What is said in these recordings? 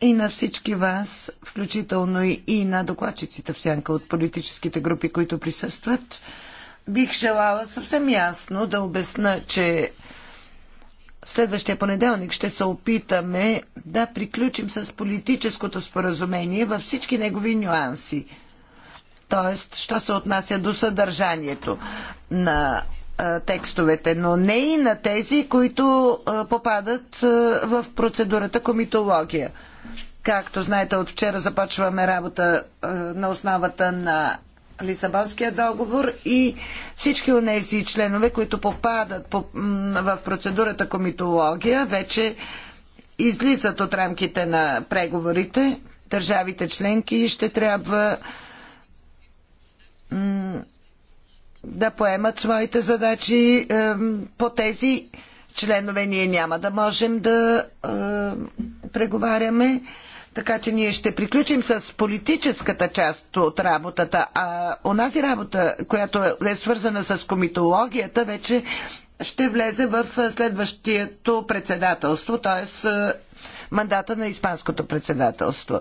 и на всички вас, включително и на докладчиците в сянка от политическите групи, които присъстват. Бих желала съвсем ясно да обясна, че следващия понеделник ще се опитаме да приключим с политическото споразумение във всички негови нюанси. Тоест, що се отнася до съдържанието на текстовете, но не и на тези, които попадат в процедурата комитология. Както знаете, от вчера започваме работа е, на основата на Лисабонския договор и всички от тези членове, които попадат в процедурата комитология, вече излизат от рамките на преговорите. Държавите членки ще трябва да поемат своите задачи е, по тези членове. Ние няма да можем да е, преговаряме. Така че ние ще приключим с политическата част от работата, а онази работа, която е свързана с комитологията, вече ще влезе в следващото председателство, т.е. мандата на Испанското председателство.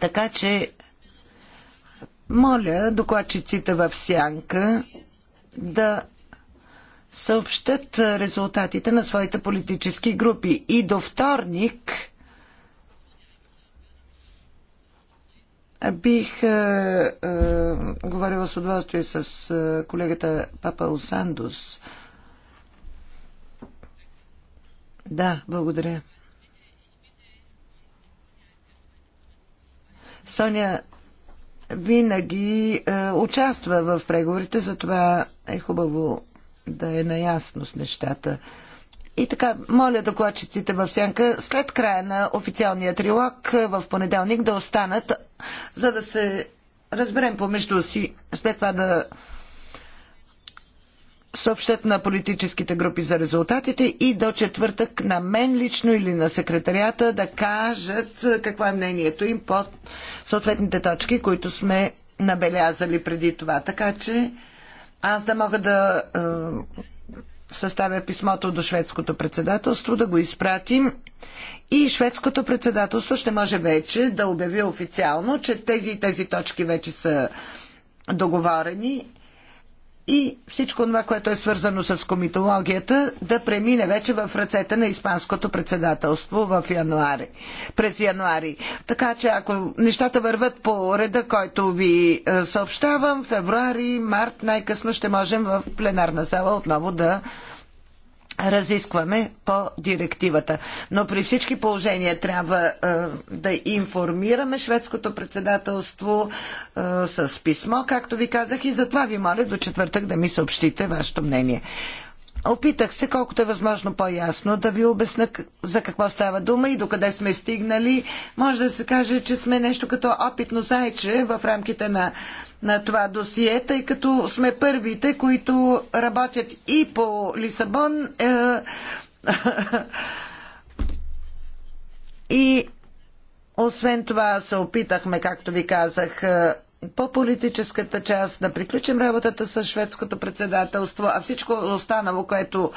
Така че, моля докладчиците в Сянка да съобщат резултатите на своите политически групи и до вторник Бих е, е, говорила с удоволствие с е, колегата Папа Осандос. Да, благодаря. Соня винаги е, участва в преговорите, затова е хубаво да е наясно с нещата. И така, моля докладчиците в сянка след края на официалния трилог е, в понеделник да останат, за да се разберем помежду си, след това да съобщат на политическите групи за резултатите и до четвъртък на мен лично или на секретарията да кажат е, какво е мнението им по съответните точки, които сме набелязали преди това. Така че аз да мога да е, съставя писмото до шведското председателство, да го изпратим и шведското председателство ще може вече да обяви официално, че тези и тези точки вече са договорени и всичко това, което е свързано с комитологията, да премине вече в ръцете на Испанското председателство в януари, през януари. Така че ако нещата върват по реда, който ви е, съобщавам, февруари, март най-късно ще можем в пленарна зала отново да разискваме по директивата. Но при всички положения трябва е, да информираме шведското председателство е, с писмо, както ви казах, и затова ви моля до четвъртък да ми съобщите вашето мнение. Опитах се колкото е възможно по-ясно да ви обясна за какво става дума и докъде сме стигнали. Може да се каже, че сме нещо като опитно зайче в рамките на на това досие, тъй като сме първите, които работят и по Лисабон е, и освен това се опитахме, както ви казах, е, по политическата част да приключим работата с шведското председателство, а всичко останало, което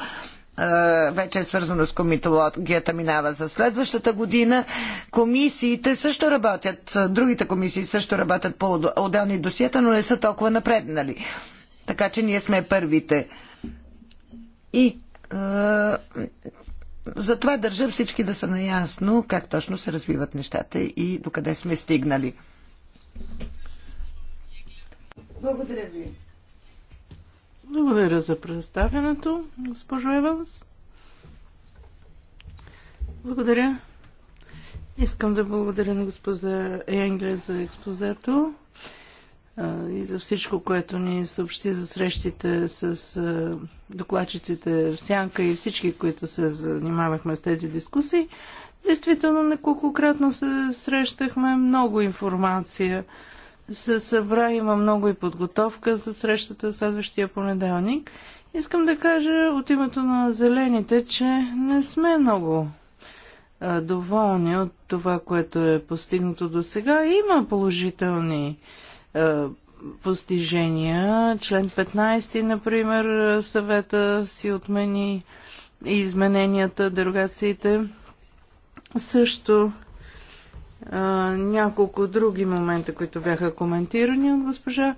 вече е свързана с комитологията, минава за следващата година. Комисиите също работят, другите комисии също работят по отделни досиета, но не са толкова напреднали. Така че ние сме първите. И е, затова държа всички да са наясно как точно се развиват нещата и докъде сме стигнали. Благодаря ви. Благодаря за представянето, госпожо Еванс. Благодаря. Искам да благодаря на госпожа Енгле за експозето и за всичко, което ни съобщи за срещите с докладчиците в Сянка и всички, които се занимавахме с тези дискусии. Действително, неколкократно се срещахме, много информация се събра, има много и подготовка за срещата следващия понеделник. Искам да кажа от името на зелените, че не сме много а, доволни от това, което е постигнато до сега. Има положителни а, постижения. Член 15, например, съвета си отмени измененията, дерогациите. Също няколко други момента, които бяха коментирани от госпожа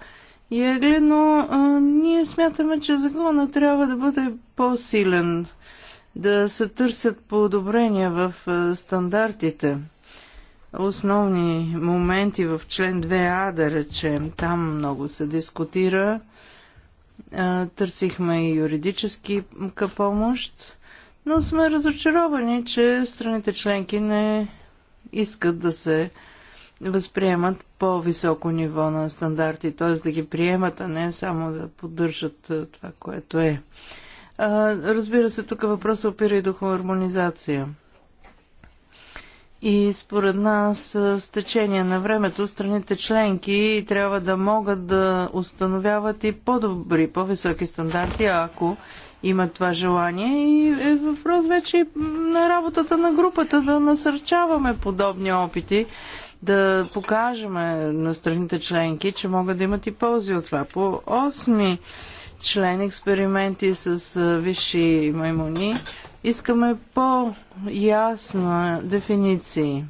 Егле, но а, ние смятаме, че закона трябва да бъде по-силен, да се търсят подобрения в а, стандартите. Основни моменти в член 2а, да речем, там много се дискутира. А, търсихме и юридически помощ, но сме разочаровани, че страните членки не искат да се възприемат по-високо ниво на стандарти, т.е. да ги приемат, а не само да поддържат това, което е. А, разбира се, тук въпросът опира и до хармонизация. И според нас е, с течение на времето страните членки трябва да могат да установяват и по-добри, по-високи стандарти, ако имат това желание. И е въпрос вече на работата на групата да насърчаваме подобни опити, да покажем на страните членки, че могат да имат и ползи от това. По осми член експерименти с е, висши маймуни Искаме по-ясна дефиниции.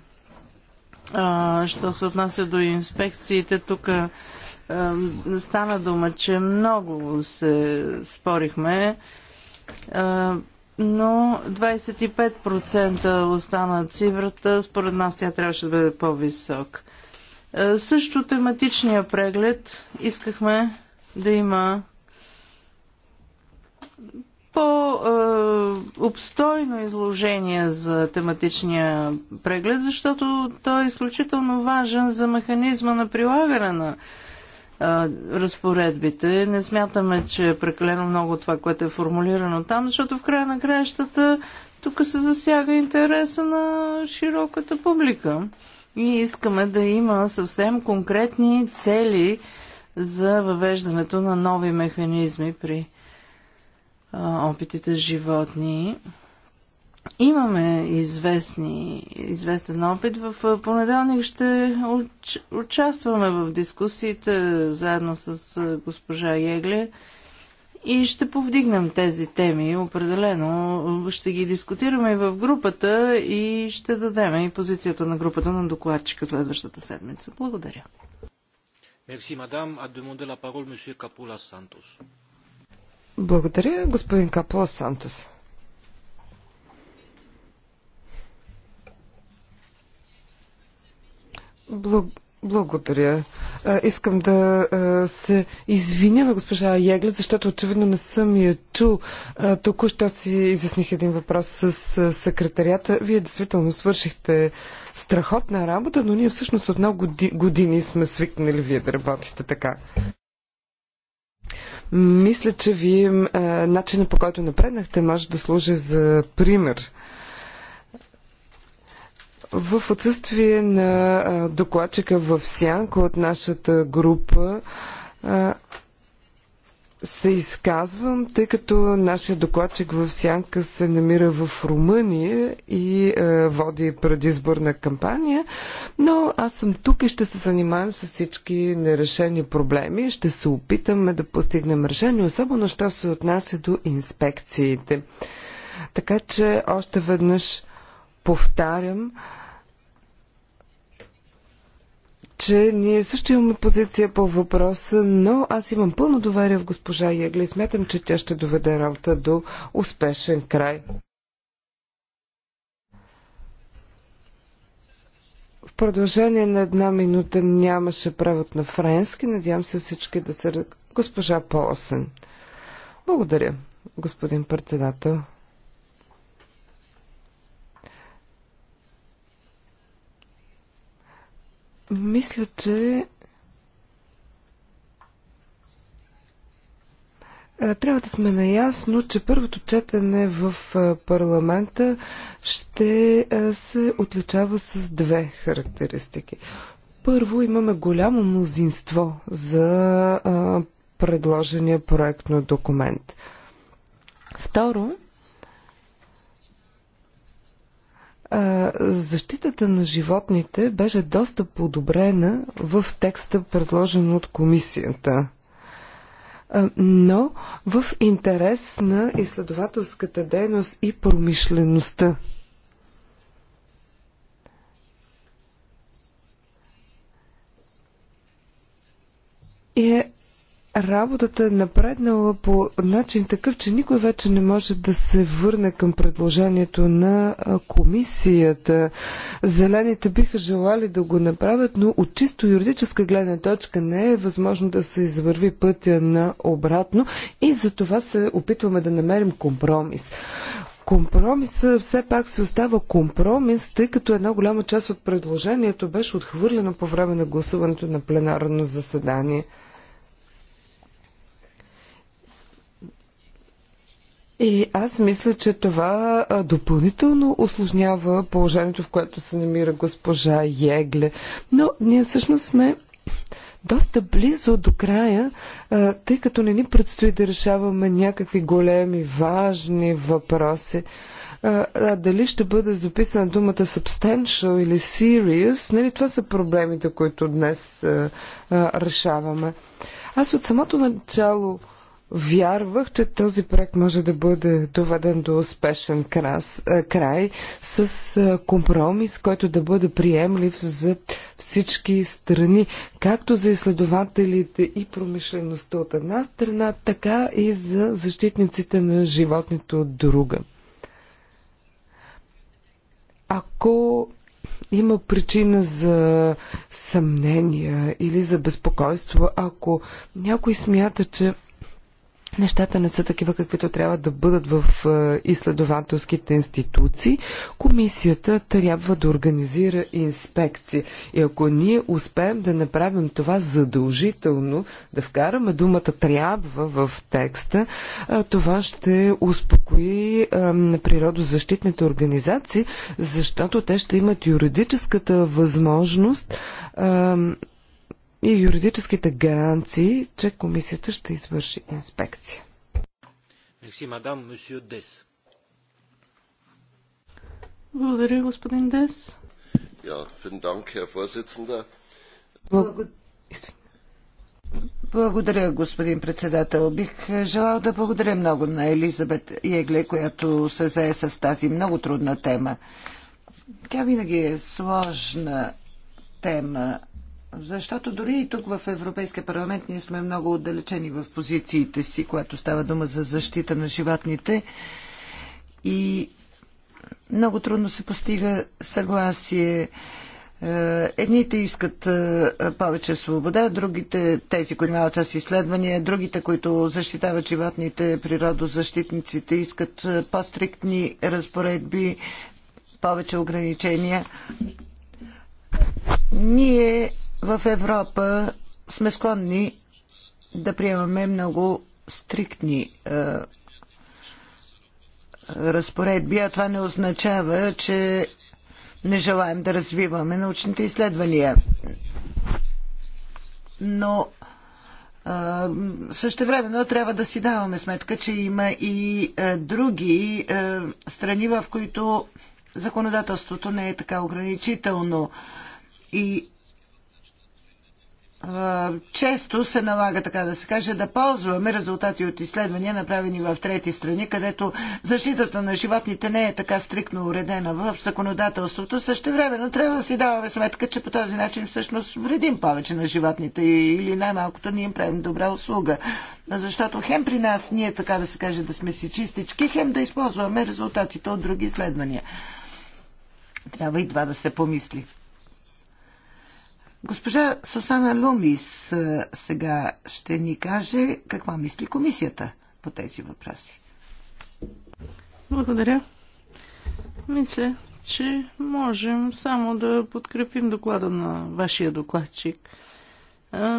А, що се отнася до инспекциите, тук стана дума, че много се спорихме, а, но 25% остана цифрата. Според нас тя трябваше да бъде по-висок. Също тематичния преглед искахме да има по-обстойно изложение за тематичния преглед, защото той е изключително важен за механизма на прилагане на разпоредбите. Не смятаме, че е прекалено много това, което е формулирано там, защото в края на краищата тук се засяга интереса на широката публика. И искаме да има съвсем конкретни цели за въвеждането на нови механизми при опитите с животни. Имаме известни, известен опит. В понеделник ще уч, участваме в дискусиите заедно с госпожа Егле и ще повдигнем тези теми. Определено ще ги дискутираме и в групата и ще дадем и позицията на групата на докладчика следващата седмица. Благодаря. Мерси, мадам. А демонде ла парол, месье Капула Сантос. Благодаря, господин Каплос Сантос. Благодаря. искам да се извиня на госпожа Егле, защото очевидно не съм я чул. току-що си изясних един въпрос с секретарията. Вие действително свършихте страхотна работа, но ние всъщност от много години сме свикнали вие да работите така. Мисля, че вие начинът по който напреднахте може да служи за пример. В отсъствие на е, докладчика в Сянка от нашата група, е, се изказвам, тъй като нашия докладчик в Сянка се намира в Румъния и е, води предизборна кампания, но аз съм тук и ще се занимавам с всички нерешени проблеми. Ще се опитаме да постигнем решение, особено що се отнася до инспекциите. Така че още веднъж повтарям, че ние също имаме позиция по въпроса, но аз имам пълно доверие в госпожа Ягли и смятам, че тя ще доведе работа до успешен край. В продължение на една минута нямаше превод на френски. Надявам се всички да са... Госпожа Полсен. Благодаря, господин председател. Мисля, че е, Трябва да сме наясно, че първото четене в е, парламента ще е, се отличава с две характеристики. Първо, имаме голямо мнозинство за предложения проект на документ. Второ, защитата на животните беше доста подобрена в текста, предложен от комисията. Но в интерес на изследователската дейност и промишлеността. И е работата е напреднала по начин такъв, че никой вече не може да се върне към предложението на комисията. Зелените биха желали да го направят, но от чисто юридическа гледна точка не е възможно да се извърви пътя на обратно и за това се опитваме да намерим компромис Компромис все пак се остава компромис, тъй като една голяма част от предложението беше отхвърлено по време на гласуването на пленарно заседание. И аз мисля, че това допълнително осложнява положението, в което се намира госпожа Егле. Но ние всъщност сме доста близо до края, тъй като не ни предстои да решаваме някакви големи, важни въпроси. А, дали ще бъде записана думата substantial или serious, нали, това са проблемите, които днес а, а, решаваме. Аз от самото начало Вярвах, че този проект може да бъде доведен до успешен крас, е, край с е, компромис, който да бъде приемлив за всички страни, както за изследователите и промишлеността от една страна, така и за защитниците на животните от друга. Ако има причина за съмнения или за безпокойство, ако някой смята, че Нещата не са такива, каквито трябва да бъдат в е, изследователските институции. Комисията трябва да организира инспекции. И ако ние успеем да направим това задължително, да вкараме думата трябва в текста, е, това ще успокои е, природозащитните организации, защото те ще имат юридическата възможност и юридическите гаранции, че комисията ще извърши инспекция. Мерси, мадам, Дес. Благодаря, господин Дес. Благодаря. Благодаря, господин председател. Бих желал да благодаря много на Елизабет Егле, която се зае с тази много трудна тема. Тя винаги е сложна тема защото дори и тук в Европейския парламент ние сме много отдалечени в позициите си, когато става дума за защита на животните. И много трудно се постига съгласие. Е, едните искат е, повече свобода, другите, тези, които имат с изследвания, другите, които защитават животните, природозащитниците, искат е, по-стриктни разпоредби, повече ограничения. Ние в Европа сме склонни да приемаме много стриктни е, разпоредби, а това не означава, че не желаем да развиваме научните изследвания. Но е, също времено трябва да си даваме сметка, че има и е, други е, страни, в които законодателството не е така ограничително. И често се налага, така да се каже, да ползваме резултати от изследвания, направени в трети страни, където защитата на животните не е така стриктно уредена в законодателството. Също времено трябва да си даваме сметка, че по този начин всъщност вредим повече на животните или най-малкото ние им правим добра услуга. Защото хем при нас ние, така да се каже, да сме си чистички, хем да използваме резултатите от други изследвания. Трябва и това да се помисли. Госпожа Сосана Лумис сега ще ни каже какво мисли комисията по тези въпроси. Благодаря. Мисля, че можем само да подкрепим доклада на вашия докладчик.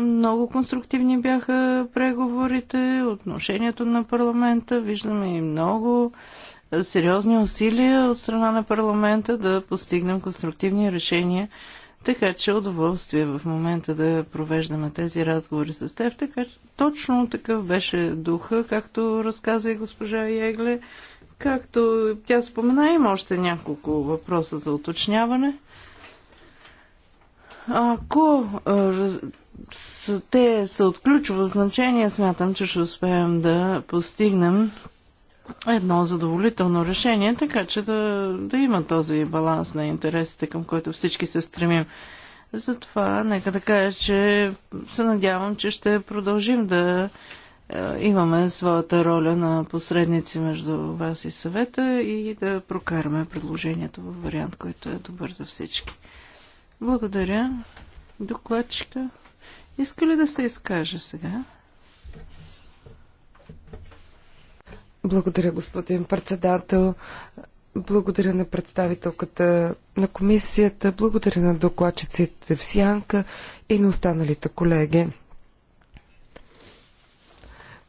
Много конструктивни бяха преговорите, отношението на парламента. Виждаме и много сериозни усилия от страна на парламента да постигнем конструктивни решения така че удоволствие в момента да провеждаме тези разговори с теб. Така че точно такъв беше духа, както разказа и госпожа Егле. Както тя спомена, има още няколко въпроса за уточняване. Ако те са от ключово значение, смятам, че ще успеем да постигнем едно задоволително решение, така че да, да има този баланс на интересите, към който всички се стремим. Затова нека да кажа, че се надявам, че ще продължим да е, имаме своята роля на посредници между вас и съвета и да прокараме предложението във вариант, който е добър за всички. Благодаря. Докладчика. Иска ли да се изкаже сега? Благодаря, господин председател. Благодаря на представителката на комисията, благодаря на докладчиците в Сянка и на останалите колеги.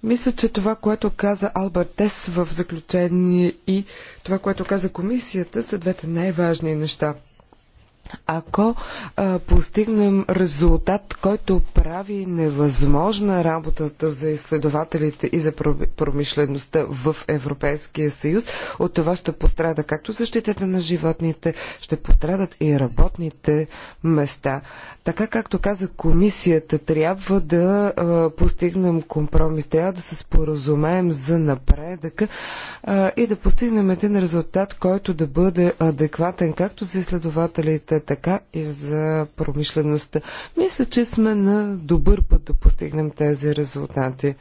Мисля, че това, което каза Алберт Тес в заключение и това, което каза комисията, са двете най-важни неща – ако а, постигнем резултат, който прави невъзможна работата за изследователите и за промишлеността в Европейския съюз, от това ще пострада както защитата на животните, ще пострадат и работните места. Така както каза комисията, трябва да а, постигнем компромис, трябва да се споразумеем за напредъка а, и да постигнем един резултат, който да бъде адекватен както за изследователите, е така и за промишлеността. Мисля, че сме на добър път да постигнем тези резултати.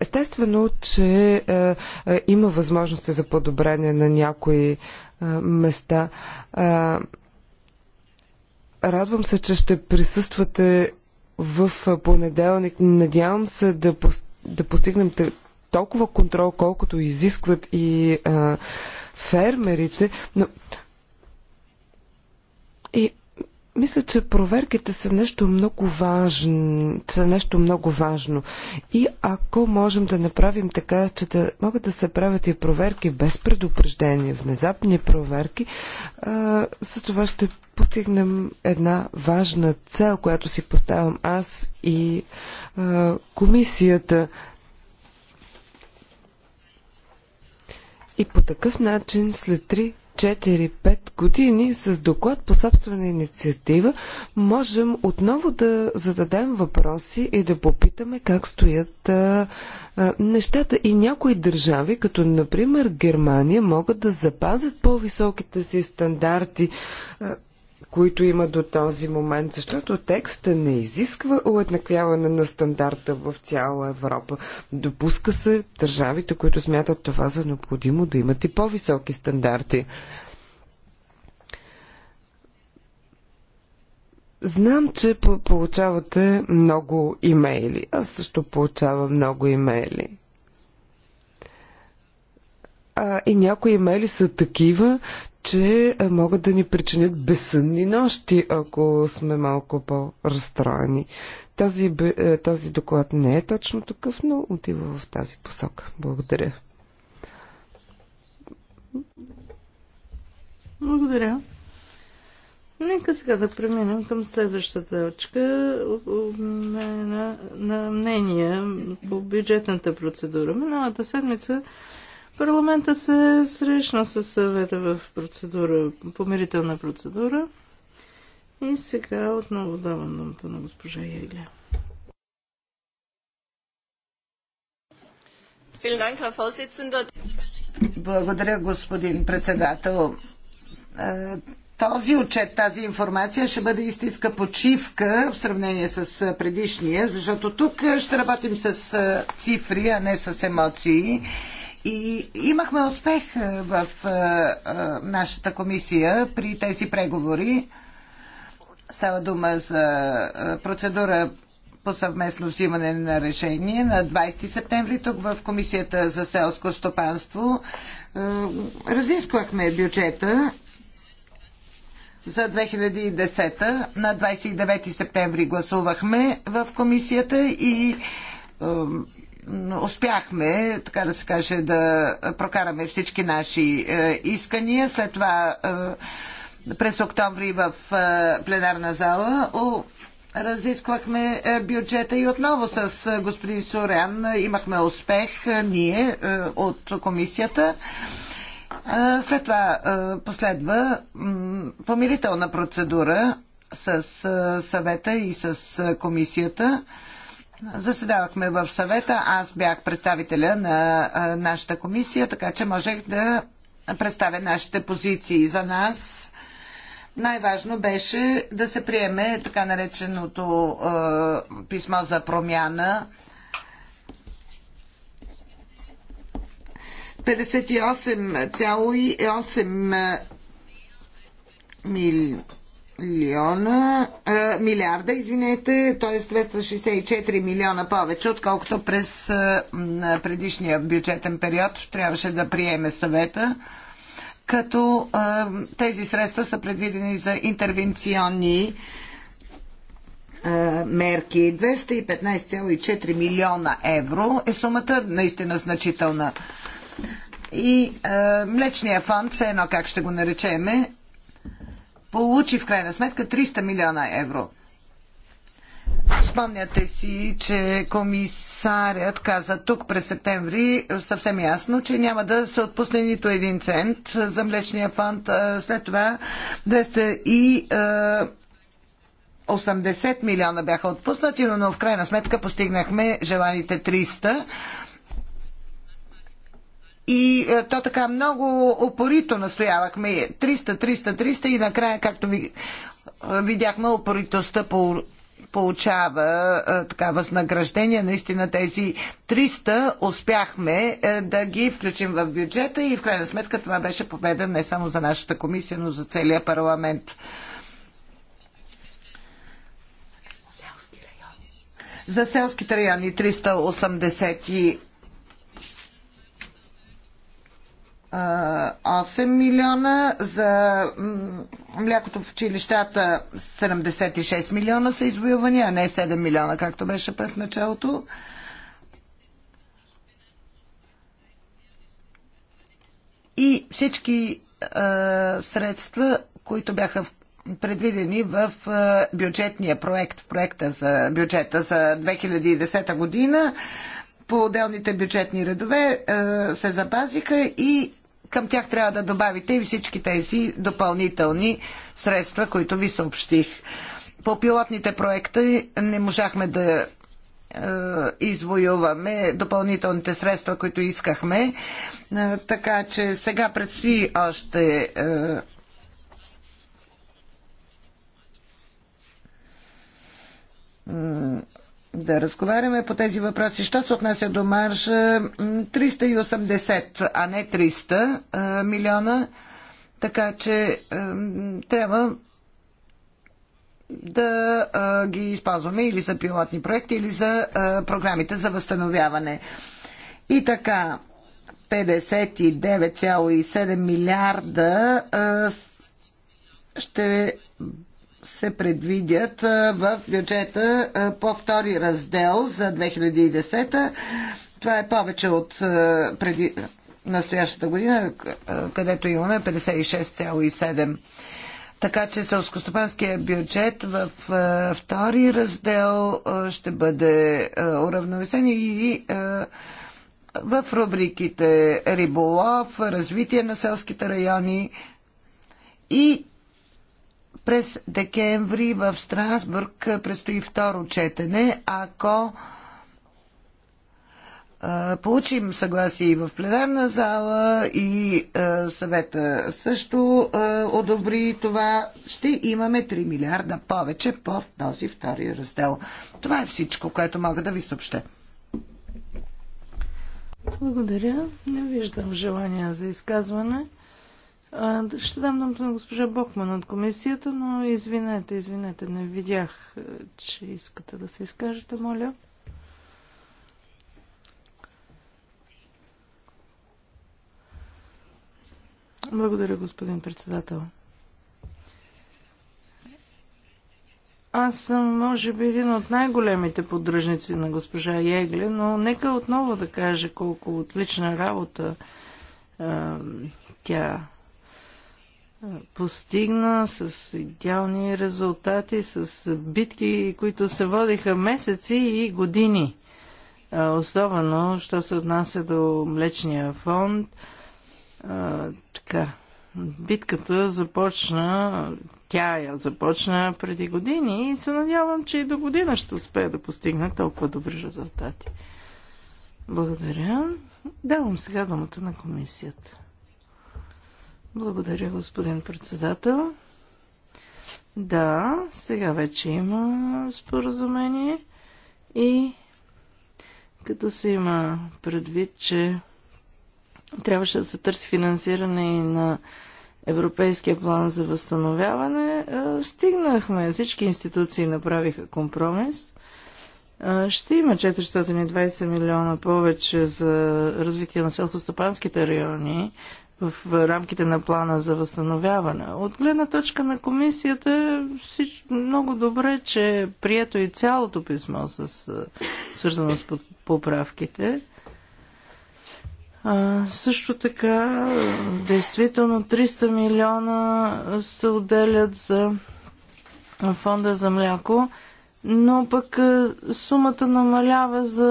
Естествено, че е, е, има възможности за подобрение на някои е, места. Е, радвам се, че ще присъствате в е, понеделник. Надявам се да, да постигнем толкова контрол, колкото изискват и е, фермерите, но и мисля, че проверките са нещо много важно, са нещо много важно. И ако можем да направим така, че да могат да се правят и проверки без предупреждение, внезапни проверки, а, с това ще постигнем една важна цел, която си поставям аз и а, комисията. И по такъв начин след 3 4-5 години с доклад по собствена инициатива можем отново да зададем въпроси и да попитаме как стоят а, а, нещата. И някои държави, като например Германия, могат да запазят по-високите си стандарти а, които има до този момент, защото текста не изисква уеднаквяване на стандарта в цяла Европа. Допуска се държавите, които смятат това за необходимо, да имат и по-високи стандарти. Знам, че получавате много имейли. Аз също получавам много имейли. А, и някои имейли са такива, че е, могат да ни причинят безсънни нощи, ако сме малко по-разстроени. Този, е, този доклад не е точно такъв, но отива в тази посока. Благодаря. Благодаря. Нека сега да преминем към следващата точка на, на, на мнения по бюджетната процедура. Миналата седмица Парламента се срещна с съвета в процедура, помирителна процедура. И сега отново давам думата на госпожа Яйля. Благодаря, господин председател. Е, този отчет, тази информация ще бъде истинска почивка в сравнение с е, предишния, защото тук ще работим с е, цифри, а не с емоции. И имахме успех е, в е, е, нашата комисия при тези преговори. Става дума за процедура по съвместно взимане на решение на 20 септември тук в Комисията за селско стопанство. Разисквахме бюджета за 2010 на 29 септември гласувахме в комисията и успяхме, така да се каже, да прокараме всички наши е, искания. След това е, през октомври в е, пленарна зала разисквахме бюджета и отново с господин Сорян имахме успех ние от комисията. След това последва помирителна процедура с съвета и с комисията. Заседавахме в съвета, аз бях представителя на нашата комисия, така че можех да представя нашите позиции за нас. Най-важно беше да се приеме така нареченото писмо за промяна. 58,8 мили милиона, а, милиарда, извинете, т.е. 264 милиона повече, отколкото през а, предишния бюджетен период трябваше да приеме съвета, като а, тези средства са предвидени за интервенционни мерки. 215,4 милиона евро е сумата, наистина значителна. И а, Млечния фонд, все едно как ще го наречеме, получи в крайна сметка 300 милиона евро. Спомняте си, че комисарят каза тук през септември съвсем ясно, че няма да се отпусне нито един цент за млечния фонд. След това 280 милиона бяха отпуснати, но в крайна сметка постигнахме желаните 300. И е, то така много опорито настоявахме. 300, 300, 300 и накрая, както ви, е, видяхме, упоритостта по получава а, е, така възнаграждение. Наистина тези 300 успяхме а, да ги включим в бюджета и в крайна сметка това беше победа не само за нашата комисия, но за целия парламент. За селските райони 380 8 милиона, за млякото в училищата 76 милиона са извоювани, а не 7 милиона, както беше през началото. И всички а, средства, които бяха предвидени в бюджетния проект, в проекта за бюджета за 2010 година, по отделните бюджетни редове се запазиха и към тях трябва да добавите и всички тези допълнителни средства, които ви съобщих. По пилотните проекти не можахме да е, извоюваме допълнителните средства, които искахме. Е, така че сега предстои още е, да разговаряме по тези въпроси. Що се отнася до маржа? 380, а не 300 милиона. Така че трябва да ги използваме или за пилотни проекти, или за програмите за възстановяване. И така, 59,7 милиарда ще се предвидят в бюджета по втори раздел за 2010. Това е повече от преди настоящата година, където имаме 56,7. Така че селскостопанския бюджет в втори раздел ще бъде уравновесен и в рубриките риболов, развитие на селските райони и през декември в Страсбург предстои второ четене. Ако получим съгласие и в пленарна зала и съвета също одобри това, ще имаме 3 милиарда повече по този втори раздел. Това е всичко, което мога да ви съобща. Благодаря. Не виждам желания за изказване. Ще дам думата на госпожа Бокман от комисията, но извинете, извинете, не видях, е, че искате да се изкажете, моля. Благодаря, господин председател. Аз съм, може би, един от най-големите поддръжници на госпожа Егле, но нека отново да кажа колко отлична работа а, тя постигна с идеални резултати, с битки, които се водиха месеци и години. Особено, що се отнася до Млечния фонд. А, така, битката започна, тя я започна преди години и се надявам, че и до година ще успея да постигна толкова добри резултати. Благодаря. Давам сега думата на комисията. Благодаря, господин председател. Да, сега вече има споразумение и като се има предвид, че трябваше да се търси финансиране и на Европейския план за възстановяване, е, стигнахме, всички институции направиха компромис. Е, ще има 420 милиона повече за развитие на селхостопанските райони в рамките на плана за възстановяване. От гледна точка на комисията всич... много добре, че е прието и цялото писмо, с... свързано с поправките. А, също така, действително 300 милиона се отделят за фонда за мляко но пък е, сумата намалява за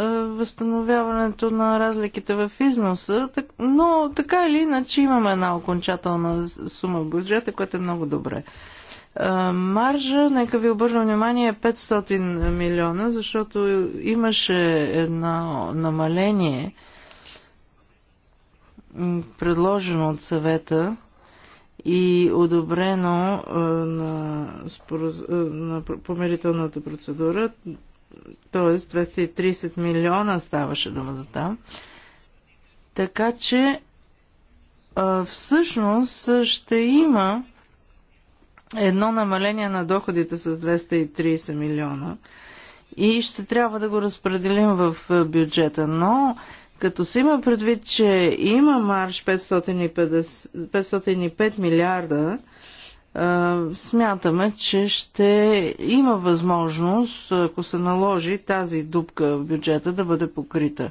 е, възстановяването на разликите в износа, но така или иначе имаме една окончателна сума в бюджета, което е много добре. Е, маржа, нека ви обърна внимание, е 500 милиона, защото имаше едно намаление, предложено от съвета, и одобрено на, спораз... на помирителната процедура, т.е. 230 милиона ставаше дума за там. Така че всъщност ще има едно намаление на доходите с 230 милиона и ще трябва да го разпределим в бюджета. Но като се има предвид, че има марш 550, 505 милиарда, смятаме, че ще има възможност, ако се наложи, тази дупка в бюджета да бъде покрита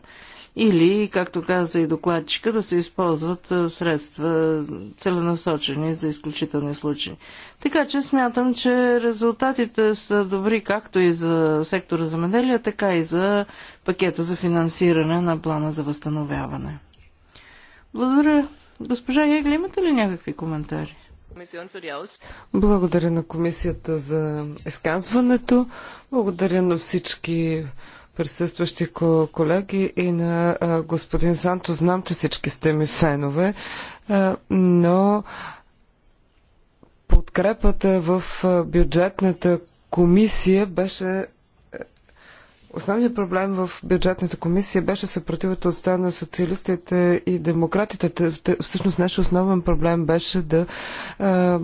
или, както каза и докладчика, да се използват средства целенасочени за изключителни случаи. Така че смятам, че резултатите са добри както и за сектора за меделия, така и за пакета за финансиране на плана за възстановяване. Благодаря. Госпожа Егли, имате ли някакви коментари? Благодаря на комисията за изказването. Благодаря на всички присъстващи колеги и на господин Санто. Знам, че всички сте ми фенове, но подкрепата в бюджетната комисия беше Основният проблем в бюджетната комисия беше съпротивата от страна на социалистите и демократите. Всъщност нашия основен проблем беше да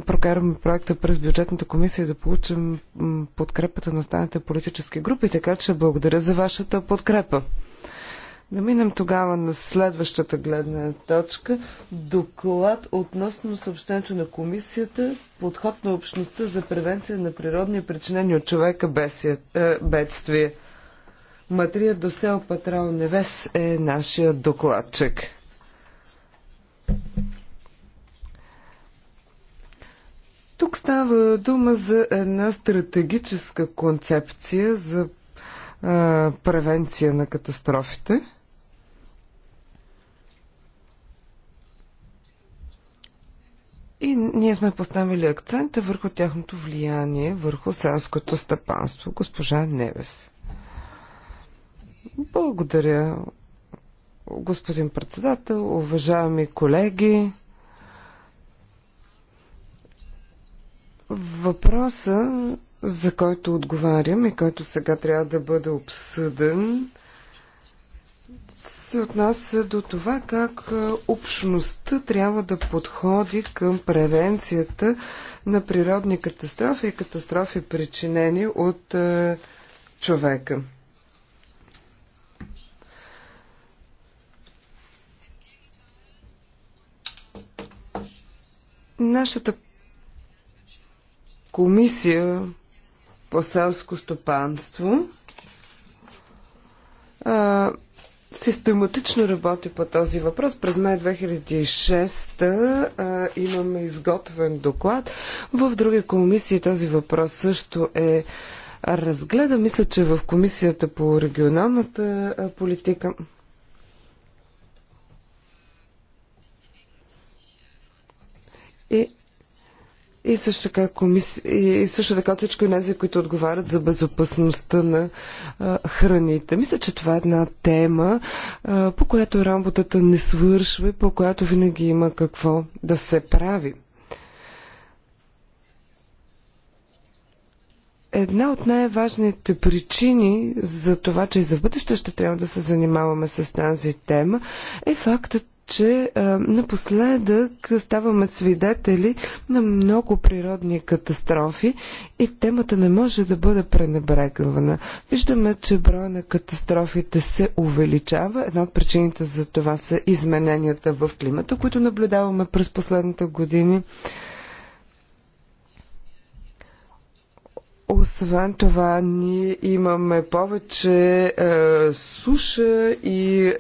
прокараме проекта през бюджетната комисия и да получим подкрепата на останалите политически групи, така че благодаря за вашата подкрепа. Да минем тогава на следващата гледна точка. Доклад относно съобщението на комисията подход на общността за превенция на природни причинени от човека е, бедствия. Матрия Досел Патрал Невес е нашия докладчик. Тук става дума за една стратегическа концепция за а, превенция на катастрофите. И ние сме поставили акцента върху тяхното влияние върху селското стъпанство, госпожа Невес. Благодаря, господин председател, уважаеми колеги. Въпроса, за който отговарям и който сега трябва да бъде обсъден, се отнася до това как общността трябва да подходи към превенцията на природни катастрофи и катастрофи, причинени от човека. Нашата комисия по селско стопанство систематично работи по този въпрос. През май 2006 а, имаме изготвен доклад. В други комисии този въпрос също е разгледа. Мисля, че в комисията по регионалната политика И, и също така, комис... и също така всички тези, които отговарят за безопасността на а, храните. Мисля, че това е една тема, а, по която работата не свършва и по която винаги има какво да се прави. една от най-важните причини за това, че и за бъдеще ще трябва да се занимаваме с тази тема, е фактът, че а, е, напоследък ставаме свидетели на много природни катастрофи и темата не може да бъде пренебрегвана. Виждаме, че броя на катастрофите се увеличава. Една от причините за това са измененията в климата, които наблюдаваме през последните години. Освен това, ние имаме повече е, суша и е,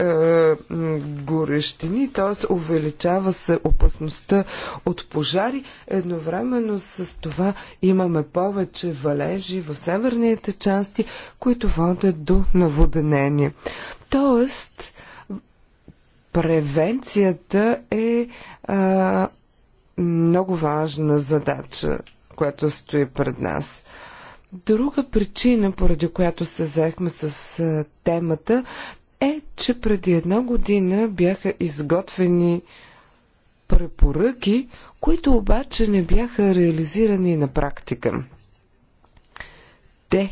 горещини, т.е. увеличава се опасността от пожари. Едновременно с това имаме повече валежи в северните части, които водят до наводнение. Тоест, превенцията е е много важна задача, която стои пред нас. Друга причина, поради която се заехме с темата, е, че преди една година бяха изготвени препоръки, които обаче не бяха реализирани на практика. Те,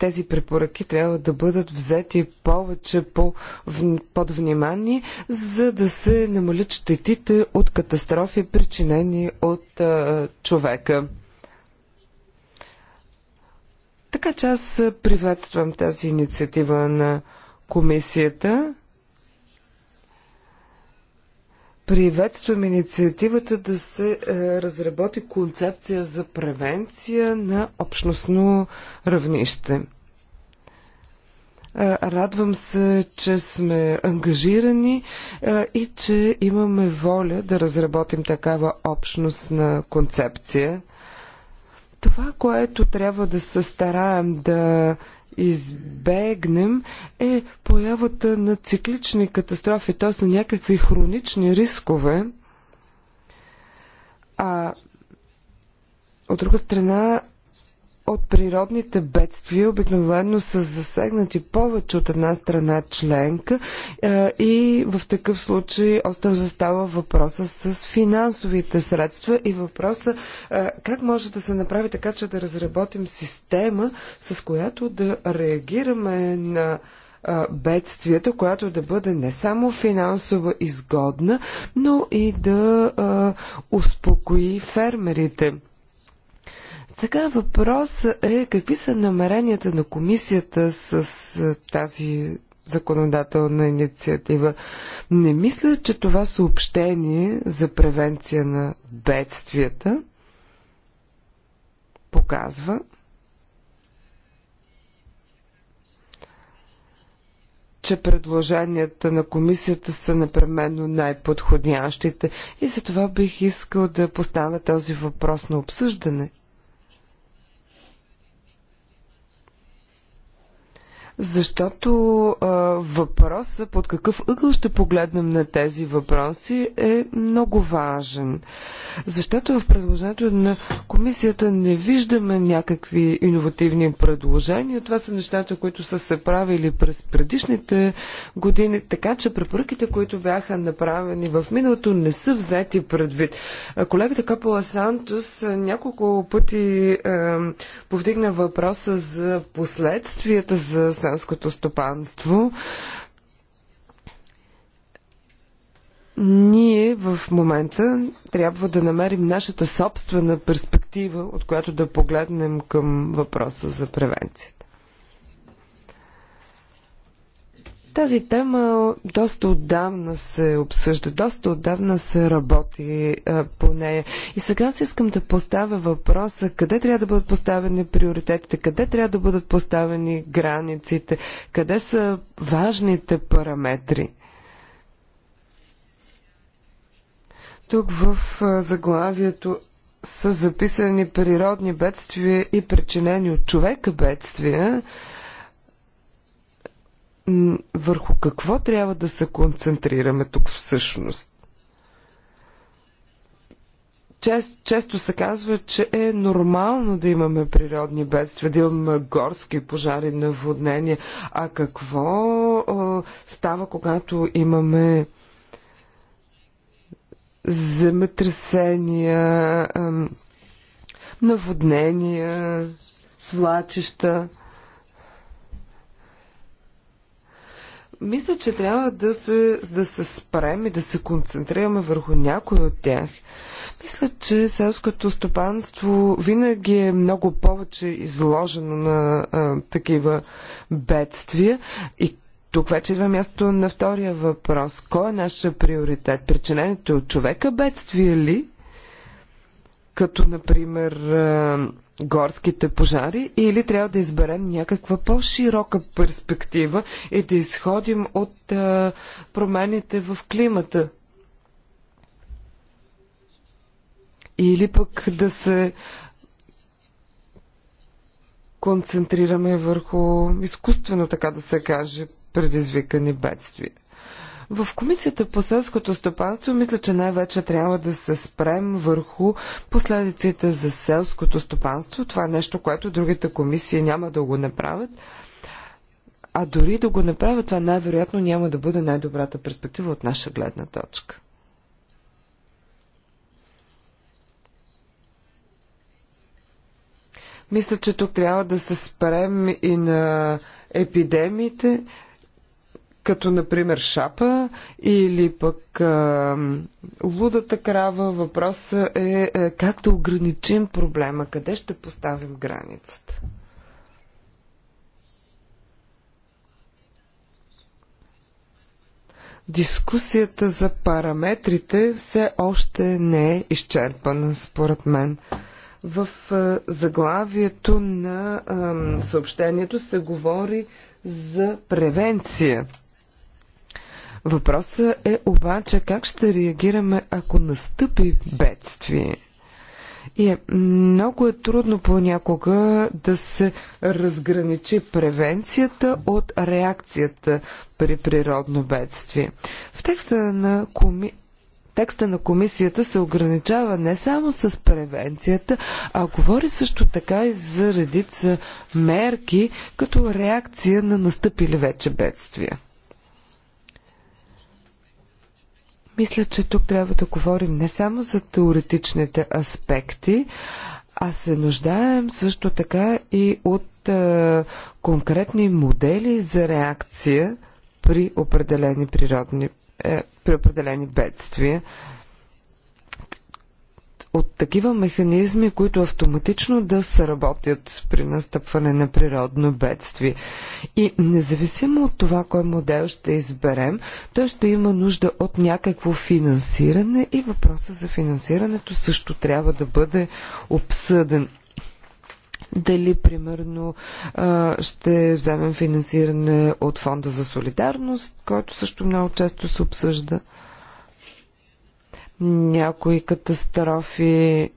тези препоръки трябва да бъдат взети повече по, под внимание, за да се намалят щетите от катастрофи, причинени от а, човека. Така че аз приветствам тази инициатива на комисията. Приветствам инициативата да се е, разработи концепция за превенция на общностно равнище. Е, радвам се, че сме ангажирани е, и че имаме воля да разработим такава общностна концепция. Това, което трябва да се стараем да избегнем е появата на циклични катастрофи, т.е. на някакви хронични рискове. А от друга страна от природните бедствия обикновено са засегнати повече от една страна членка е, и в такъв случай остро застава въпроса с финансовите средства и въпроса е, как може да се направи така, че да разработим система, с която да реагираме на е, бедствията, която да бъде не само финансово изгодна, но и да а, успокои фермерите. Сега въпрос е какви са намеренията на комисията с е, тази законодателна инициатива. Не мисля, че това съобщение за превенция на бедствията показва, че предложенията на комисията са непременно най-подходящите и за това бих искал да поставя този въпрос на обсъждане. защото а, въпросът под какъв ъгъл ще погледнем на тези въпроси е много важен. Защото в предложението на комисията не виждаме някакви иновативни предложения. Това са нещата, които са се правили през предишните години, така че препоръките, които бяха направени в миналото, не са взети предвид. Колегата Капола Сантос няколко пъти повдигна въпроса за последствията за селското стопанство. Ние в момента трябва да намерим нашата собствена перспектива, от която да погледнем към въпроса за превенцията. Тази тема доста отдавна се обсъжда, доста отдавна се работи а, по нея. И сега си искам да поставя въпроса къде трябва да бъдат поставени приоритетите, къде трябва да бъдат поставени границите, къде са важните параметри. Тук в заглавието са записани природни бедствия и причинени от човека бедствия върху какво трябва да се концентрираме тук всъщност? Чест, често се казва, че е нормално да имаме природни бедствия, да имаме горски пожари, наводнения. А какво о, става, когато имаме земетресения, а, наводнения, свлачища? Мисля, че трябва да се, да се спрем и да се концентрираме върху някой от тях. Мисля, че селското стопанство винаги е много повече изложено на а, такива бедствия и тук вече идва място на втория въпрос. Кой е нашия приоритет? Причинените от човека бедствия ли? Като, например, а, горските пожари или трябва да изберем някаква по-широка перспектива и да изходим от а, промените в климата. Или пък да се концентрираме върху изкуствено, така да се каже, предизвикани бедствия. В Комисията по селското стопанство мисля, че най-вече трябва да се спрем върху последиците за селското стопанство. Това е нещо, което другите комисии няма да го направят. А дори да го направят, това най-вероятно няма да бъде най-добрата перспектива от наша гледна точка. Мисля, че тук трябва да се спрем и на епидемиите, като например шапа или пък а, лудата крава. Въпросът е а, е, как да ограничим проблема, къде ще поставим границата. Дискусията за параметрите все още не е изчерпана, според мен. В заглавието на съобщението се говори за превенция. Въпросът е обаче как ще реагираме, ако настъпи бедствие. И е, много е трудно понякога да се разграничи превенцията от реакцията при природно бедствие. В текста на коми... Текста на комисията се ограничава не само с превенцията, а говори също така и за редица мерки като реакция на настъпили вече бедствия. Мисля, че тук трябва да говорим не само за теоретичните аспекти, а се нуждаем също така и от а, е, конкретни модели за реакция при определени природни, е, при определени бедствия от такива механизми, които автоматично да сработят при настъпване на природно бедствие. И независимо от това, кой модел ще изберем, той ще има нужда от някакво финансиране и въпроса за финансирането също трябва да бъде обсъден дали примерно ще вземем финансиране от фонда за солидарност, който също много често се обсъжда. Някои катастрофи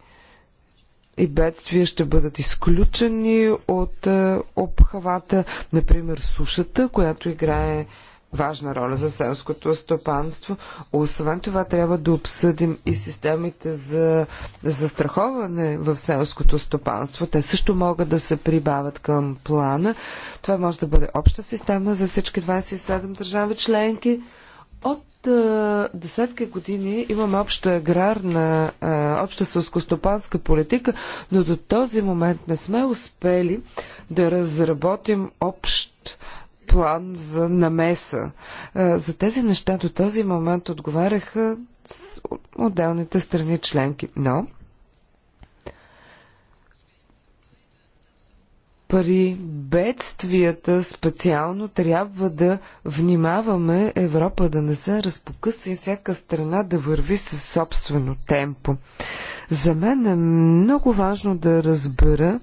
и бедствия ще бъдат изключени от е, обхвата, например сушата, която играе важна роля за селското стопанство. Освен това трябва да обсъдим и системите за застраховане в селското стопанство. Те също могат да се прибавят към плана. Това може да бъде обща система за всички 27 държави членки от десетки години имаме обща аграрна, обща сълскостопанска политика, но до този момент не сме успели да разработим общ план за намеса. За тези неща до този момент отговаряха с отделните страни членки. Но при бедствията специално трябва да внимаваме Европа да не се разпокъса и всяка страна да върви със собствено темпо. За мен е много важно да разбера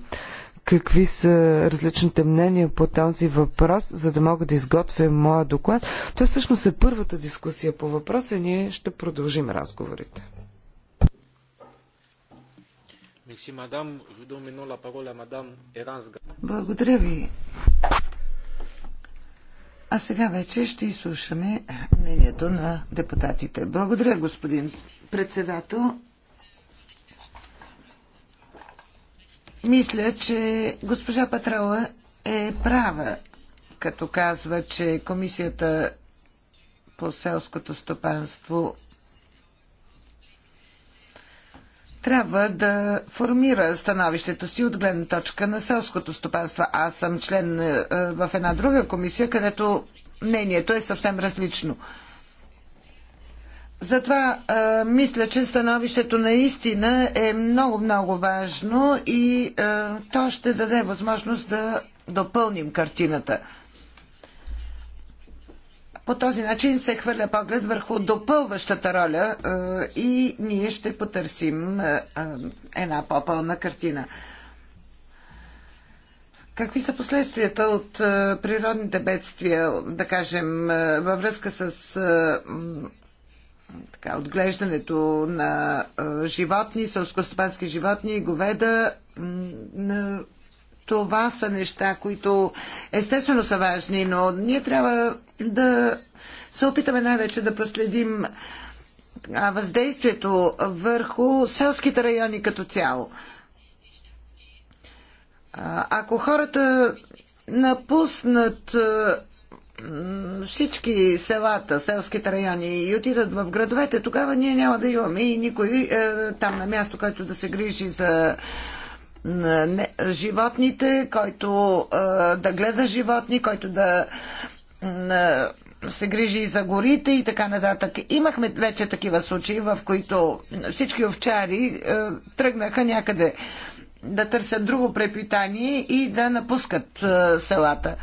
какви са различните мнения по този въпрос, за да мога да изготвя моя доклад. Това всъщност е първата дискусия по въпроса и ние ще продължим разговорите. Благодаря ви. А сега вече ще изслушаме мнението на депутатите. Благодаря, господин председател. Мисля, че госпожа Патрала е права, като казва, че комисията по селското стопанство трябва да формира становището си от гледна точка на селското стопанство. Аз съм член е, в една друга комисия, където мнението е съвсем различно. Затова а, е, мисля, че становището наистина е много-много важно и а, е, то ще даде възможност да допълним картината. По този начин се хвърля поглед върху допълващата роля е, и ние ще потърсим е, е, една по-пълна картина. Какви са последствията от природните бедствия, да кажем, във връзка с така, отглеждането на животни, сълскостопански животни, говеда, на това са неща, които естествено са важни, но ние трябва да се опитаме най-вече да проследим въздействието върху селските райони като цяло. Ако хората напуснат всички селата, селските райони и отидат в градовете, тогава ние няма да имаме и никой е, там на място, който да се грижи за на не, животните, който а, да гледа животни, който да а, се грижи и за горите и така нататък. Имахме вече такива случаи, в които всички овчари а, тръгнаха някъде да търсят друго препитание и да напускат а, селата. А,